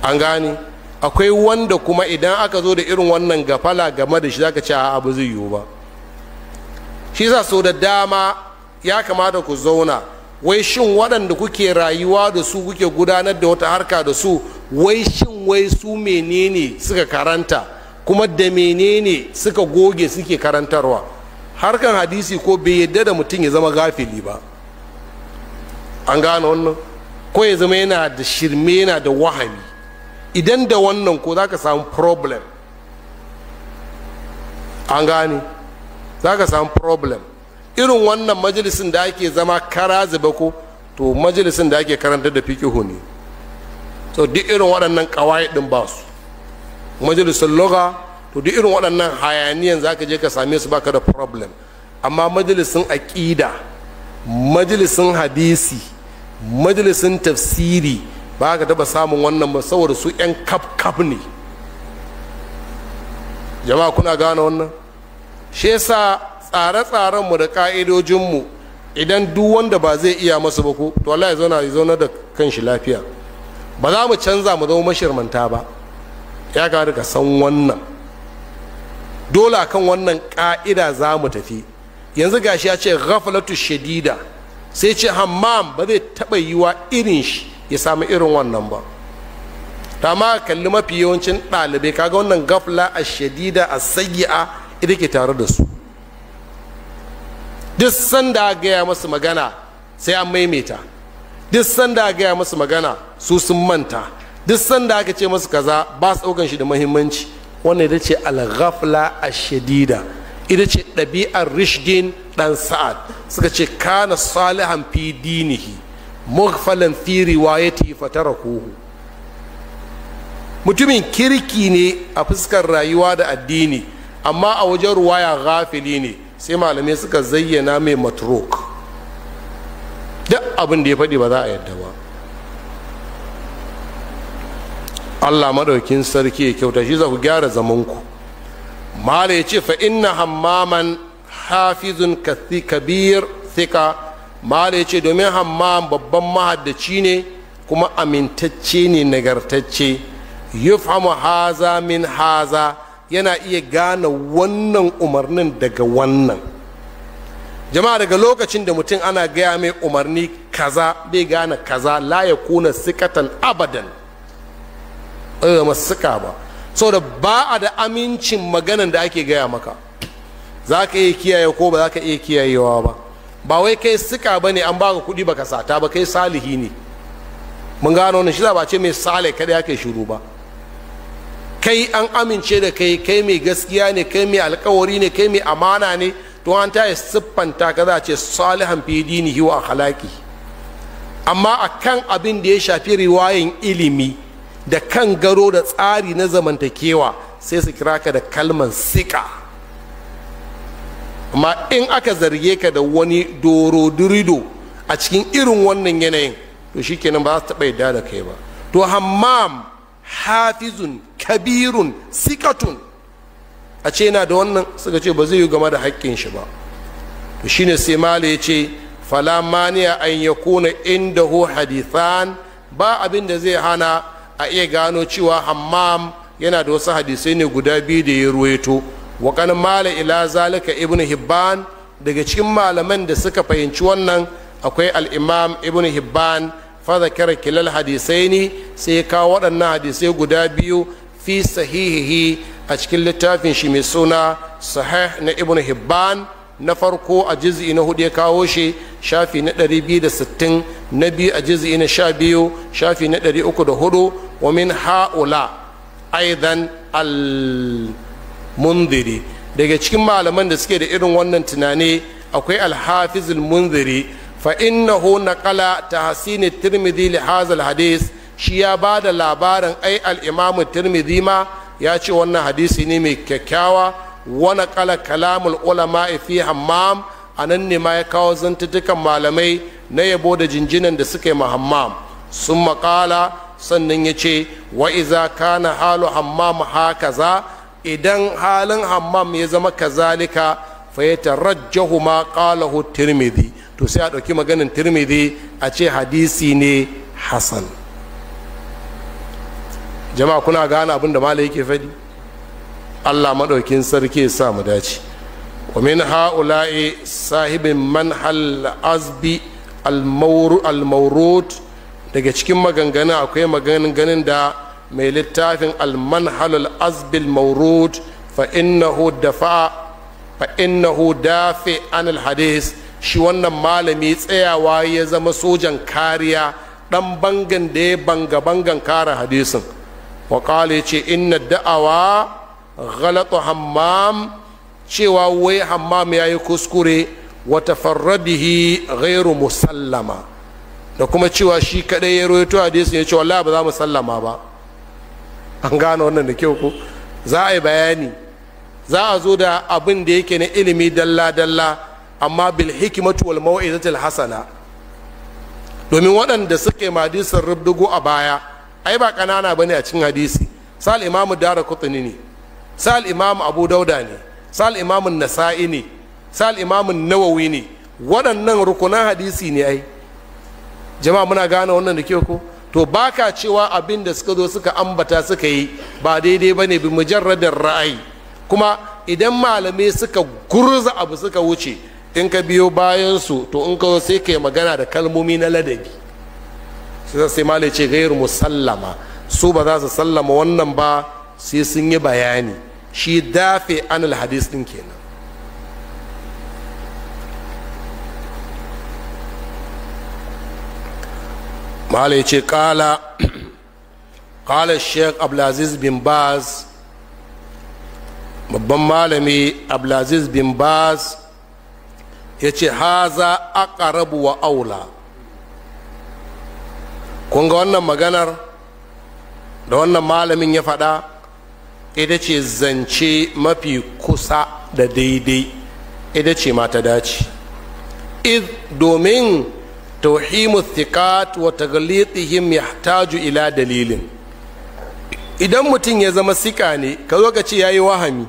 an gane akwai wanda kuma idan aka zo da irin wannan gafala game da shi zaka ce a abu zai yiwu ba shi sa so da dama ya kamata ku zauna wai shin waɗanda kuke rayuwa da su kuke gudanar da wata harka da su wai shin wai su menene suka karanta kuma da menene suka goge suke karantarwa harkan hadisi ko bai yadda da mutum ya zama gafili ba an gane wannan ko ya zama yana da shirme yana da wahami idan da wannan ko za ka samu problem an gane za ka samu problem irin wannan majalisin da ake zama kara zuba ko to majalisin da ake karanta da fikihu ne so duk irin waɗannan ƙawaye ɗin ba su majalisar loga to duk irin waɗannan hayaniyan za ka je ka same su baka da problem amma majalisun aƙida majalisun hadisi majalisun tafsiri ba ka taɓa samun wannan ba saboda su 'yan kaf ne jama'a kuna gane wannan shi yasa tsare-tsarenmu da ka'idojinmu idan duk wanda ba zai iya masu ba ko to Allah ya zauna ya zauna da kanshi lafiya ba za mu canza mu zama mashirmanta ba ya gari ka san wannan dole kan wannan ka'ida za mu tafi yanzu gashi ya ce ghaflatu shadida sai ce hammam ba zai taɓa yiwa irin shi ya samu irin wannan ba ta ma kalli mafi yawancin ɗalibai kaga wannan gafla a shadida a sayi'a ita ke tare da su duk sanda gaya masu magana sai an maimaita duk sanda gaya masu magana su sun manta duk sanda aka ce masu kaza ba su ɗaukan shi da muhimmanci, wannan ita ce alghafla a shadida ita ce ɗabi'ar rishdin ɗan sa'ad suka ce kana salihan fi dinihi mughfalan fi riwayati fatarakuhu mutumin kirki ne a fuskar rayuwa da addini amma a wajen ruwaya ghafili ne sai malamai suka zayyana mai matrok duk abin da ya faɗi ba za a yadda ba allah maɗaukin sarki ya kyauta shi za ku gyara zamanku mala ya ce fa inna hammaman hafizun kabir thika mala ya ce domin hammam babban mahaddaci ne kuma amintacce ne nagartacce yufhamu haza min haza yana iya gane wannan umarnin daga wannan jama'a daga lokacin da mutum ana gaya mai umarni kaza bai gane kaza la ya kuna sikatan abadan masuka eh, ba da ba a da amincin maganan da ake gaya maka za ka iya kiyaye ko ba za ka iya kiyayewa ba ba wai kai suka ba ne an baka kuɗi baka sata ba kai salihi ne mun gano wannan shi za ba ce mai sale kada kai shiru ba kai an amince da kai kai mai gaskiya ne kai mai alkawari ne kai mai amana ne to an ta siffanta ka za ce salihan fi dinihi wa halaki amma akan abin da ya shafi riwayan ilimi da kan garo da tsari na zamantakewa sai su kira ka da kalman sika amma in aka zarge ka da wani doro durido a cikin irin wannan yanayin to shikenan ba za su taɓa yadda da kai ba to hammam hafizun kabirun sikatun a ce yana da wannan suka ce ba zai yi game da haƙƙin shi ba to shine sai mala ya ce fala maniya an yakuna ho hadithan ba abin da zai hana a iya gano cewa hammam yana da wasu hadisai ne guda biyu da ya ruwaito wa kan mala ila zalika ibnu hibban daga cikin malaman da suka fahimci wannan akwai al-imam ibnu hibban fa zakara kilal ne sai kawo waɗannan hadisai guda biyu fi sahihihi a cikin littafin shi mai suna sahih na ibnu hibban na farko a juz'i na hudu ya kawo shi shafi na 260 na biyu a juz'i na sha biyu shafi na 304 wa min ha'ula aidan al-mundiri daga cikin malaman da suke da irin wannan tunani akwai al-hafiz al-mundiri fa innahu naqala tahsin at-tirmidhi li hadha al-hadith shi ya bada labarin ai al-imam at-tirmidhi ma ya ce wannan hadisi ne mai kyakkyawa wani kala kalamul ulama fi hammam a nan ne ma ya kawo zantutukan malamai na yabo da jinjinan da suka yi hammam sun makala sannan ya ce wa iza kana halu hammam hakaza idan halin hammam ya zama kazalika fa ya tarajjahu ma qalahu tirmidhi to sai a ɗauki maganin tirmidhi a ce hadisi ne hasan jama'a kuna gane abin da malai yake faɗi allah maɗaukin sarki ya sa mu dace wa ha'ula'i sahibin manhal azbi al daga cikin maganganu akwai maganganun da mai littafin al-manhal azbi al-mawrud fa dafa fa shi wannan malami tsayawa ya zama sojan kariya dan bangan da ya banga bangan kare hadisin wa qala yace inna da'awa ghalatu hammam cewa wai hammam ya yi kuskure wa tafarradihi ghairu musallama da kuma cewa shi kadai ya rawaito hadisi ya ce wallahi ba za mu sallama ba an gano wannan da kyau ko za a yi bayani za a zo da abin da yake na ilimi dalla dalla amma bil hikmatu wal mau'izatil hasana domin waɗanda suke madisar rubdugu a baya ai ba ƙanana bane a cikin hadisi sal imamu dara kutuni ne sal imamu abu dauda ne sal imamun nasa'i ne sal imamun nawawi ne waɗannan rukunan hadisi ne ai jama'a muna gane wannan da ke ko to baka cewa abin da suka zo suka ambata suka yi ba daidai ba ne bi mujarradin ra'ayi kuma idan malamai suka gurza abu suka wuce in ka biyo bayansu to in ka sai ka yi magana da kalmomi na ladabi sai malai ce gairu musallama su ba za su sallama wannan ba sai sun yi bayani shi dafe an alhadis din kenan malai ce kala kala sheik abdulaziz bin baz babban malami abdulaziz bin baz ya ce haza aqrabu wa aula kun ga wannan maganar da wannan malamin ya faɗa ita ce zance mafi kusa da daidai ita ce ma ta dace id domin tauhimu thiqat wa taglitihim yahtaju ila dalilin idan mutum ya zama sika ne ka zo ka ce yayi wahami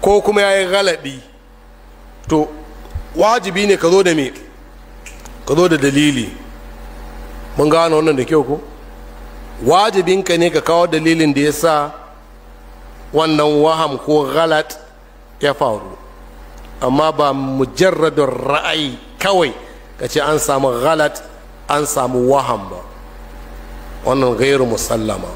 ko kuma yayi galadi to wajibi ne ka zo da me ka zo da dalili mun gano wannan da kyau ko wajibinka ne ka kawo dalilin da ya sa wannan waham ko galat ya faru amma ba mujarradun ra'ayi kawai ka ce an samu galat an samu waham ba wannan gairu musallama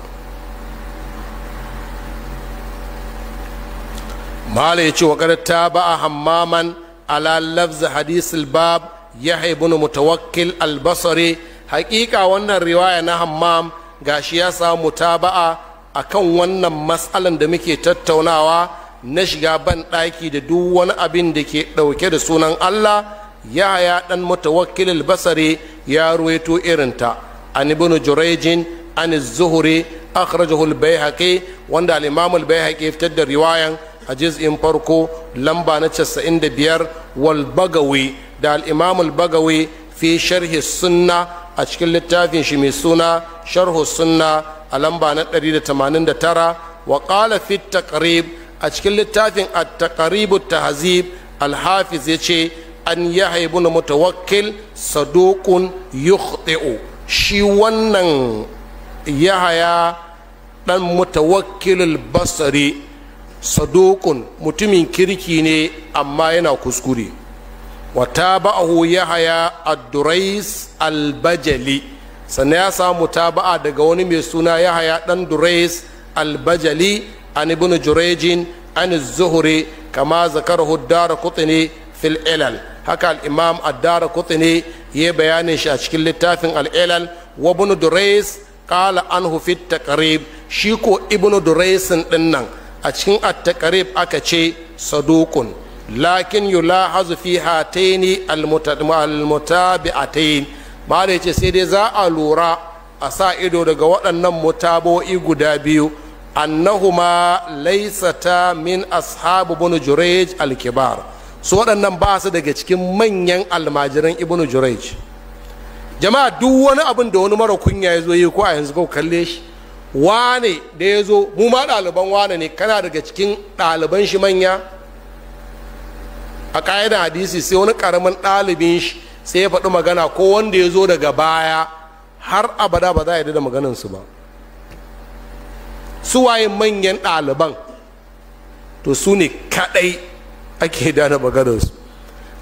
mala ya ce wa ta ba a hammaman ala lafza hadisul bab ya haibu mutawakkil albasari hakika wannan riwaya na hammam gashi ya samu mutaba'a akan wannan matsalan da muke tattaunawa na shiga ban ɗaki da duk wani abin da ke ɗauke da sunan Allah ya ya ɗan mutawakkil basari ya ruwaito irinta an ibn jurejin an zuhuri akhrajahu al-baihaqi wanda al-imam al-baihaqi fitar da riwayan a juz'in farko lamba na 95 wal bagawi da al-imam al-bagawi fi sharhi sunna a cikin littafin shi mai suna sharhu sunna a lamba na 189 wa qala fi taqrib a cikin littafin at-taqrib at-tahzib al-hafiz yace an yahya ibn mutawakkil saduqun yukhti'u shi wannan yahaya dan mutawakkil al-basri saduqun mutumin kirki ne amma yana kuskure wa tabahu yahya ad-durais al-bajali sannan ya samu taba'a daga wani mai suna yahaya dan durais albajali an ibn jurejin an zuhuri kama zakarahu dara kutini fil ilal haka al'imam imam ad kutini ya bayanin shi a cikin littafin al'ilal wa ibn durais qala anhu fi taqrib shi ko ibn duraisin dinnan a cikin at-taqrib aka ce saduƙun lakin yulahazu fi hataini al-mutabi'atayn mala ya ce sai dai za a lura a sa ido daga waɗannan mutabo'i guda biyu annahuma laisata min ashabu ibn jurej alkibar su waɗannan ba su daga cikin manyan almajiran ibn jurej jama'a duk wani abin da wani mara kunya ya zo yi ko a yanzu ko kalle shi wane da ya zo mu ma ɗaliban wane ne kana daga cikin ɗaliban shi manya a ƙa'idar hadisi sai wani ƙaramin ɗalibin shi sai ya faɗi magana ko wanda ya zo daga baya har abada ba za a yi da maganansu ba suwaye manyan ɗaliban to su ne kaɗai ake da da maganansu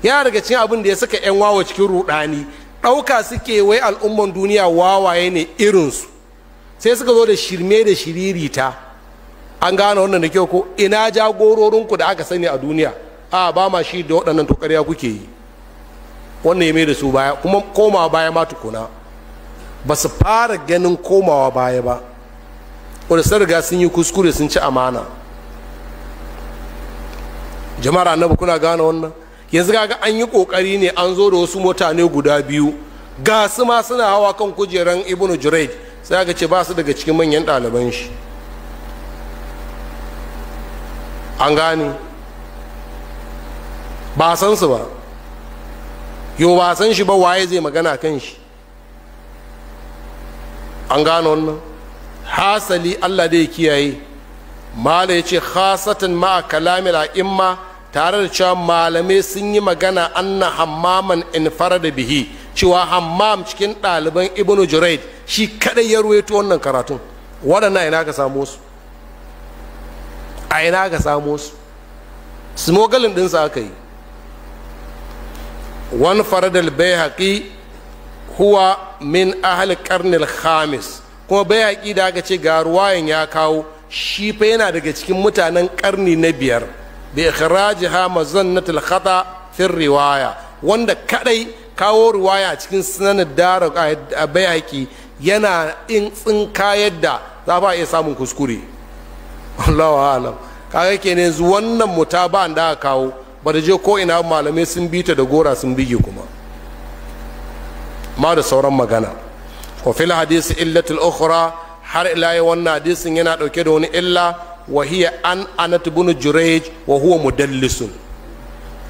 ya daga cin abin da ya saka 'yan wawa cikin ruɗani ɗauka suke wai al'umman duniya wawaye ne irinsu sai suka zo da shirme da shiririta an gane wannan da kyau ko ina jagororinku da aka sani a duniya a ba ma shi da waɗannan to kuke yi wannan ya mai da su baya kuma komawa baya ma tukuna ba su fara ganin komawa baya ba wanda sun riga sun yi kuskure sun ci amana jama'ar annabi kuna gane wannan yanzu kaga an yi kokari ne an zo da wasu mutane guda biyu ga su ma suna hawa kan kujeran Ibn juraid sai aka ce ba su daga cikin manyan ɗaliban shi an gane ba san su ba yo ba san shi ba waye zai magana kan shi an gano wannan hasali allah dai kiyaye mala ya ce khasatan ma'a kalamil ma tare da cewa malamai sun yi magana anna hammaman fara da bihi cewa hammam cikin ɗaliban ibnu juraid shi kadai ya ruwaito wannan karatun waɗannan ina ka samu su a ina ka samu su smogalin ɗinsa aka yi wani faradar bai haƙi huwa min ahal karnil khamis kuma bai haƙi da aka ce ga ruwayan ya kawo shi fa yana daga cikin mutanen karni na biyar bi zan mazannatul khata fi riwaya wanda kadai kawo riwaya cikin sanannin dara a yana in tsinka yadda za a iya samun kuskure Allahu alam kaga kenan yanzu wannan da aka kawo ba da je ko ina malamai sun bi ta da gora sun bige kuma ma da sauran magana wa fil hadisi illatul ukhra har ila wannan hadisin yana dauke da wani illa wa hiya an anat ibn jurayj wa huwa mudallisun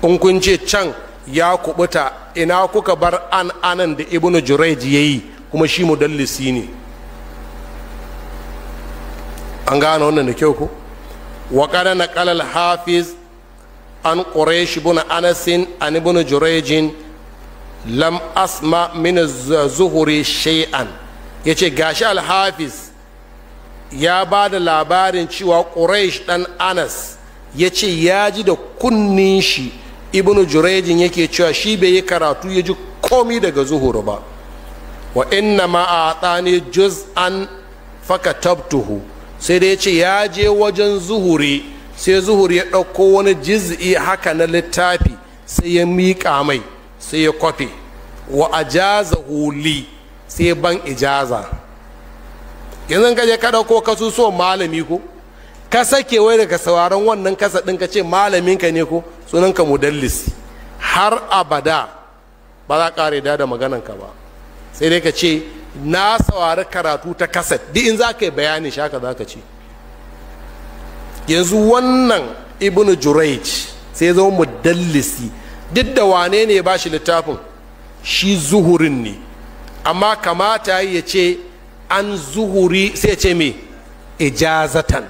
in kun ce can ya kubuta ina kuka bar an anan da ibn jurayj yayi kuma shi mudallisi ne an gane wannan da kyau ko wa qala qala al hafiz an quraish ibn anasin an ibn jirejin lam asma min zuhuri shay'an ya ce gashi alhafiz ya ba da labarin cewa ƙureshi ɗan anas ya ce ya ji da kunnin shi ibn jurayjin yake cewa shi bai yi karatu ya ji komi daga zuhuri ba wa inna ma a tsani an faka tabtuhu sai dai ya ce ya je wajen zuhuri sai zuhur ya ɗauko wani jiz'i haka na littafi sai ya miƙa mai sai ya kwafe wa ajaza huli sai ban ijaza yanzu ka je ka ɗauko kasusuwan malami ko ka sake wai daga sauraron wannan kasa ɗin ka ce malaminka ne ko sunanka mudallis har abada ba za ƙare da da magananka ba sai dai ka ce na saurari karatu ta kasa duk in za ka yi bayani shaka za ka ce yanzu wannan ibn juraij sai zama mudallisi duk da wane ne ba shi littafin shi zuhurin ne amma kamata ya ce an zuhuri sai ce me ijazatan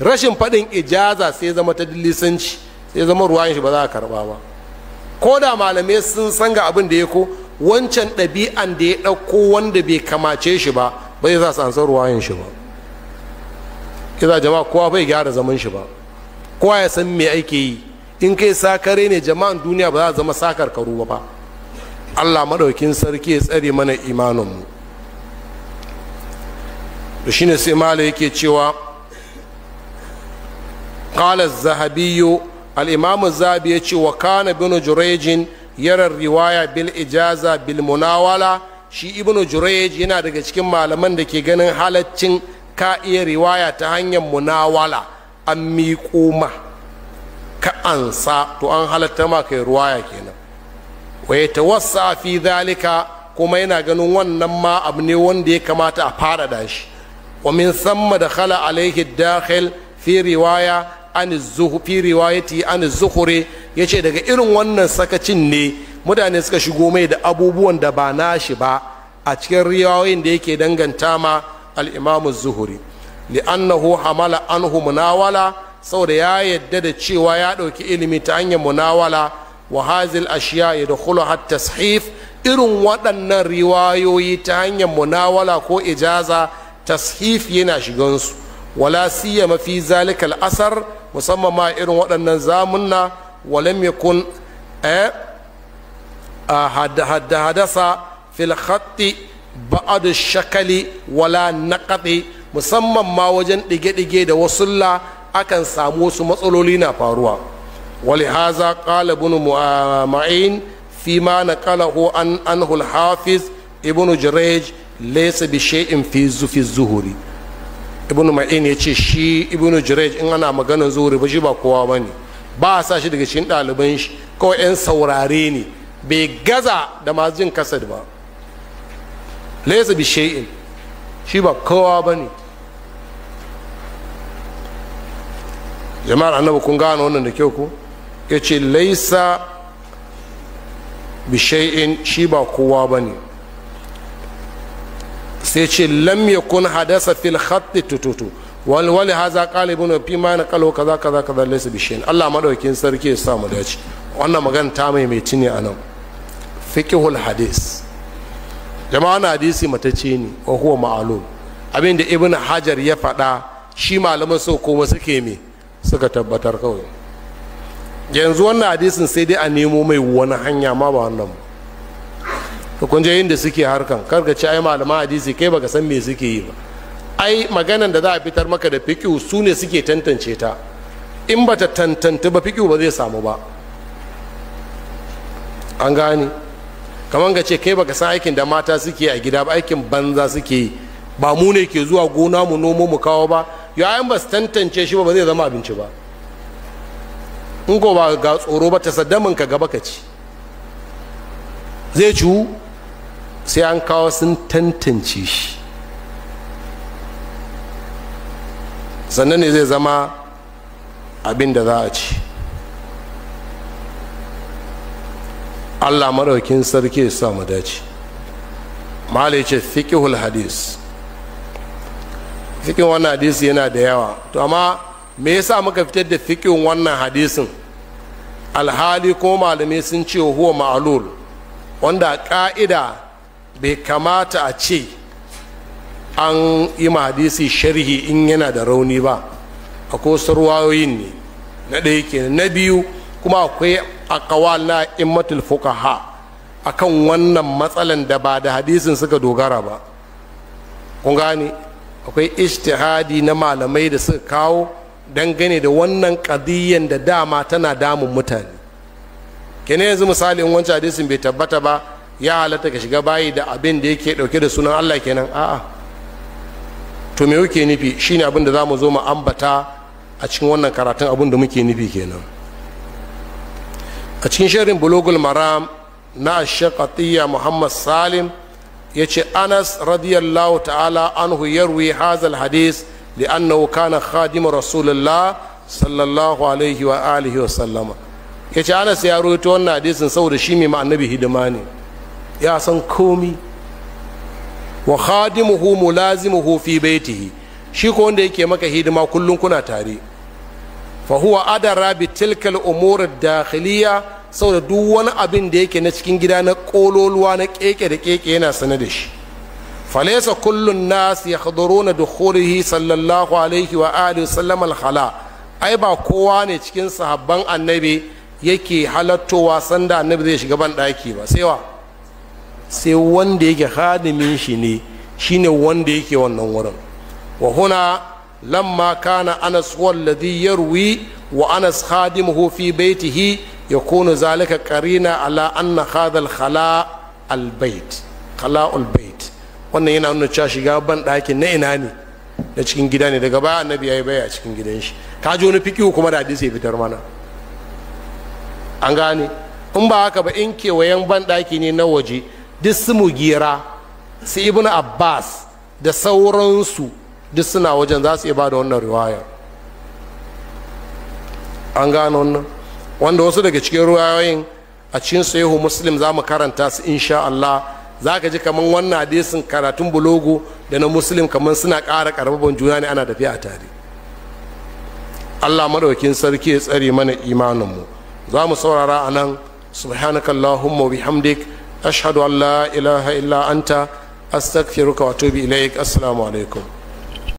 rashin faɗin ijaza sai zama ta dillisanci sai zama ruwan shi ba za a karɓa ba ko da malamai sun san ga abin da ya ko wancan ɗabi'an da ya ɗauko wanda bai kamace shi ba bai za su ansa ruwayan shi ba iza jama'a kowa bai gyara zaman shi ba kowa ya san me ake yi in kai sakare ne jama'an duniya ba za a zama sakar karu ba allah maɗaukin sarki ya tsare mana imaninmu da ne sai mala yake cewa qala zahabiyu al-imam zahabi ya ce wa kana bin jurejin yarar riwaya bil ijaza bil munawala shi ibn jurej yana daga cikin malaman da ke ganin halaccin ka iya riwaya ta hanyar munawala an miƙo ma ka ansa to an halatta ma kai ruwaya kenan waye ta wasa fi zalika kuma yana ganin wannan ma abu ne wanda ya kamata a fara da shi wa min samma da khala alaihi dakhil fi riwaya an fi riwayati an zuhure ya ce daga irin wannan sakacin ne mutane suka shigo mai da abubuwan da ba nashi ba a cikin riwayoyin da yake danganta ma al'imamu zuhuri li'annahu hamala anhu munawala saboda ya yadda da cewa ya ɗauki ilimi ta hanyar munawala wa hazil ashiya ya da hat tashif irin waɗannan riwayoyi ta hanyar munawala ko ijaza tashif yana shigansu wala siya mafi zalikal asar musamman ma irin waɗannan zamunna walam yakun eh, hadasa fil khatti ba'adu shakali wala naqati musamman ma wajen ɗige-ɗige da wasulla akan samu wasu matsaloli na faruwa wali haza qala ibn ma'in fi ma naqalahu an anhu al-hafiz ibn jurayj laysa bi shay'in fi zufi zuhuri ibn ma'in ya ce shi ibn jurayj in ana maganar zuhuri ba shi ba kowa bane ba sa shi daga cikin ɗaliban shi kawai 'yan saurare ne bai gaza da mazin jin kasad ba laisa bi shi ba kowa ba ne jama'ar annabi kun gane wannan da kyau ko ya ce laisa bi shi ba kowa ba ne sai ce lam kun hadasa fil khatti tututu wal haza qala ibn fi ma na qalu kaza kaza kaza laysa bi shay'in Allah madaukin sarki ya sa mu dace wannan magana ta mai mai tuni anan fiqhul hadis jama'a na hadisi matacce ne wa huwa ma'alum abin da ibn hajar ya faɗa shi malaman sau kuma suke me suka tabbatar kawai yanzu wannan hadisin sai dai a nemo mai wani hanya ma ba wannan ba kun je inda suke harkan kar karka ci ai malaman hadisi kai baka san me suke yi ba ai maganan da za a fitar maka da fiƙiu su ne suke tantance ta in bata tantanta ba fiƙiu ba zai samu ba an gani kamar ga ce kai baka san aikin da mata suke a gida ba aikin banza suke ba mu ne ke zuwa gona mu nomo mu kawo ba yayin ba su tantance shi ba ba zai zama abinci ba in ko ba ga tsoro ba ta saddamin ka gaba ka ci zai ciwu sai an kawo sun tantance shi sannan ne zai zama abin da za a ci allah maraukin sarki ya samu dace malai ce hadis fiƙin wannan hadisi yana da yawa to amma me yasa muka fitar da fiƙin wannan hadisin alhali ko malamai sun ce huwa ma'alul wanda ka'ida bai kamata a ce an yi ma hadisi sharhi in yana da rauni ba a kosar wayoyin ne na ɗaya kenan na biyu kuma akwai aqwal na immatul fuqaha akan wannan matsalan da ba da hadisin suka dogara ba kun gane akwai ijtihadi na malamai da suka kawo dangane da wannan kadiyyan da dama tana damun mutane kene yanzu misali in wancan hadisin bai tabbata ba ya halatta ka shiga bayi da abin da yake dauke da sunan Allah kenan a'a to me yake nufi shine abin da zamu zo mu ambata a cikin wannan karatun abin da muke nufi kenan a cikin shirin bulugul maram na shaqatiyya muhammad salim ya ce anas radiyallahu ta'ala anhu yarwi hazal hadis li'annahu kana khadim rasulullah sallallahu alaihi wa alihi wa sallama ya ce anas ya rawaito wannan hadisin saboda shi mai annabi hidima ne ya san komi wa khadimuhu mulazimuhu fi baitihi shi ko wanda yake maka hidima kullum kuna tare fa adara bi tilkal umur dakhiliya saboda duk wani abin da yake na cikin gida na kololuwa na ƙeƙe da keke yana sanar da shi falaisa kullun nas yahduruna dukhulihi sallallahu alaihi wa alihi sallam al ai ba kowa ne cikin sahabban annabi yake halartowa sanda annabi zai shiga banɗaki daki ba sai wa sai wanda yake hadimin shi ne shine wanda yake wannan wurin wa huna lamma kana anas wallazi yarwi wa anas khadimuhu hofi baitihi yakunu zalika qarina ala anna hadha al-khala al-bait khala al-bait wannan yana nuna cewa shiga ban ɗakin na ina ne da cikin gida ne daga baya annabi yayi baya a cikin gidan shi ka ji wani kuma da hadisi ya fitar mana an gane in ba haka ba in kewayen ban ɗaki ne na waje duk su mugira su ibn abbas da sauransu duk suna wajen za su iya ba da wannan riwaya an gano wannan wanda wasu daga cikin ruwayoyin a cikin sahihu muslim za mu karanta su insha Allah za ka ji kamar wannan hadisin karatun bulogu da na muslim kamar suna ƙara ƙarfafan juna ne ana tafiya a tare Allah maɗaukin sarki ya tsare mana imaninmu za mu saurara a nan subhanakallahumma bihamdik ashhadu an la ilaha illa anta astaghfiruka wa atubu ilaik assalamu alaikum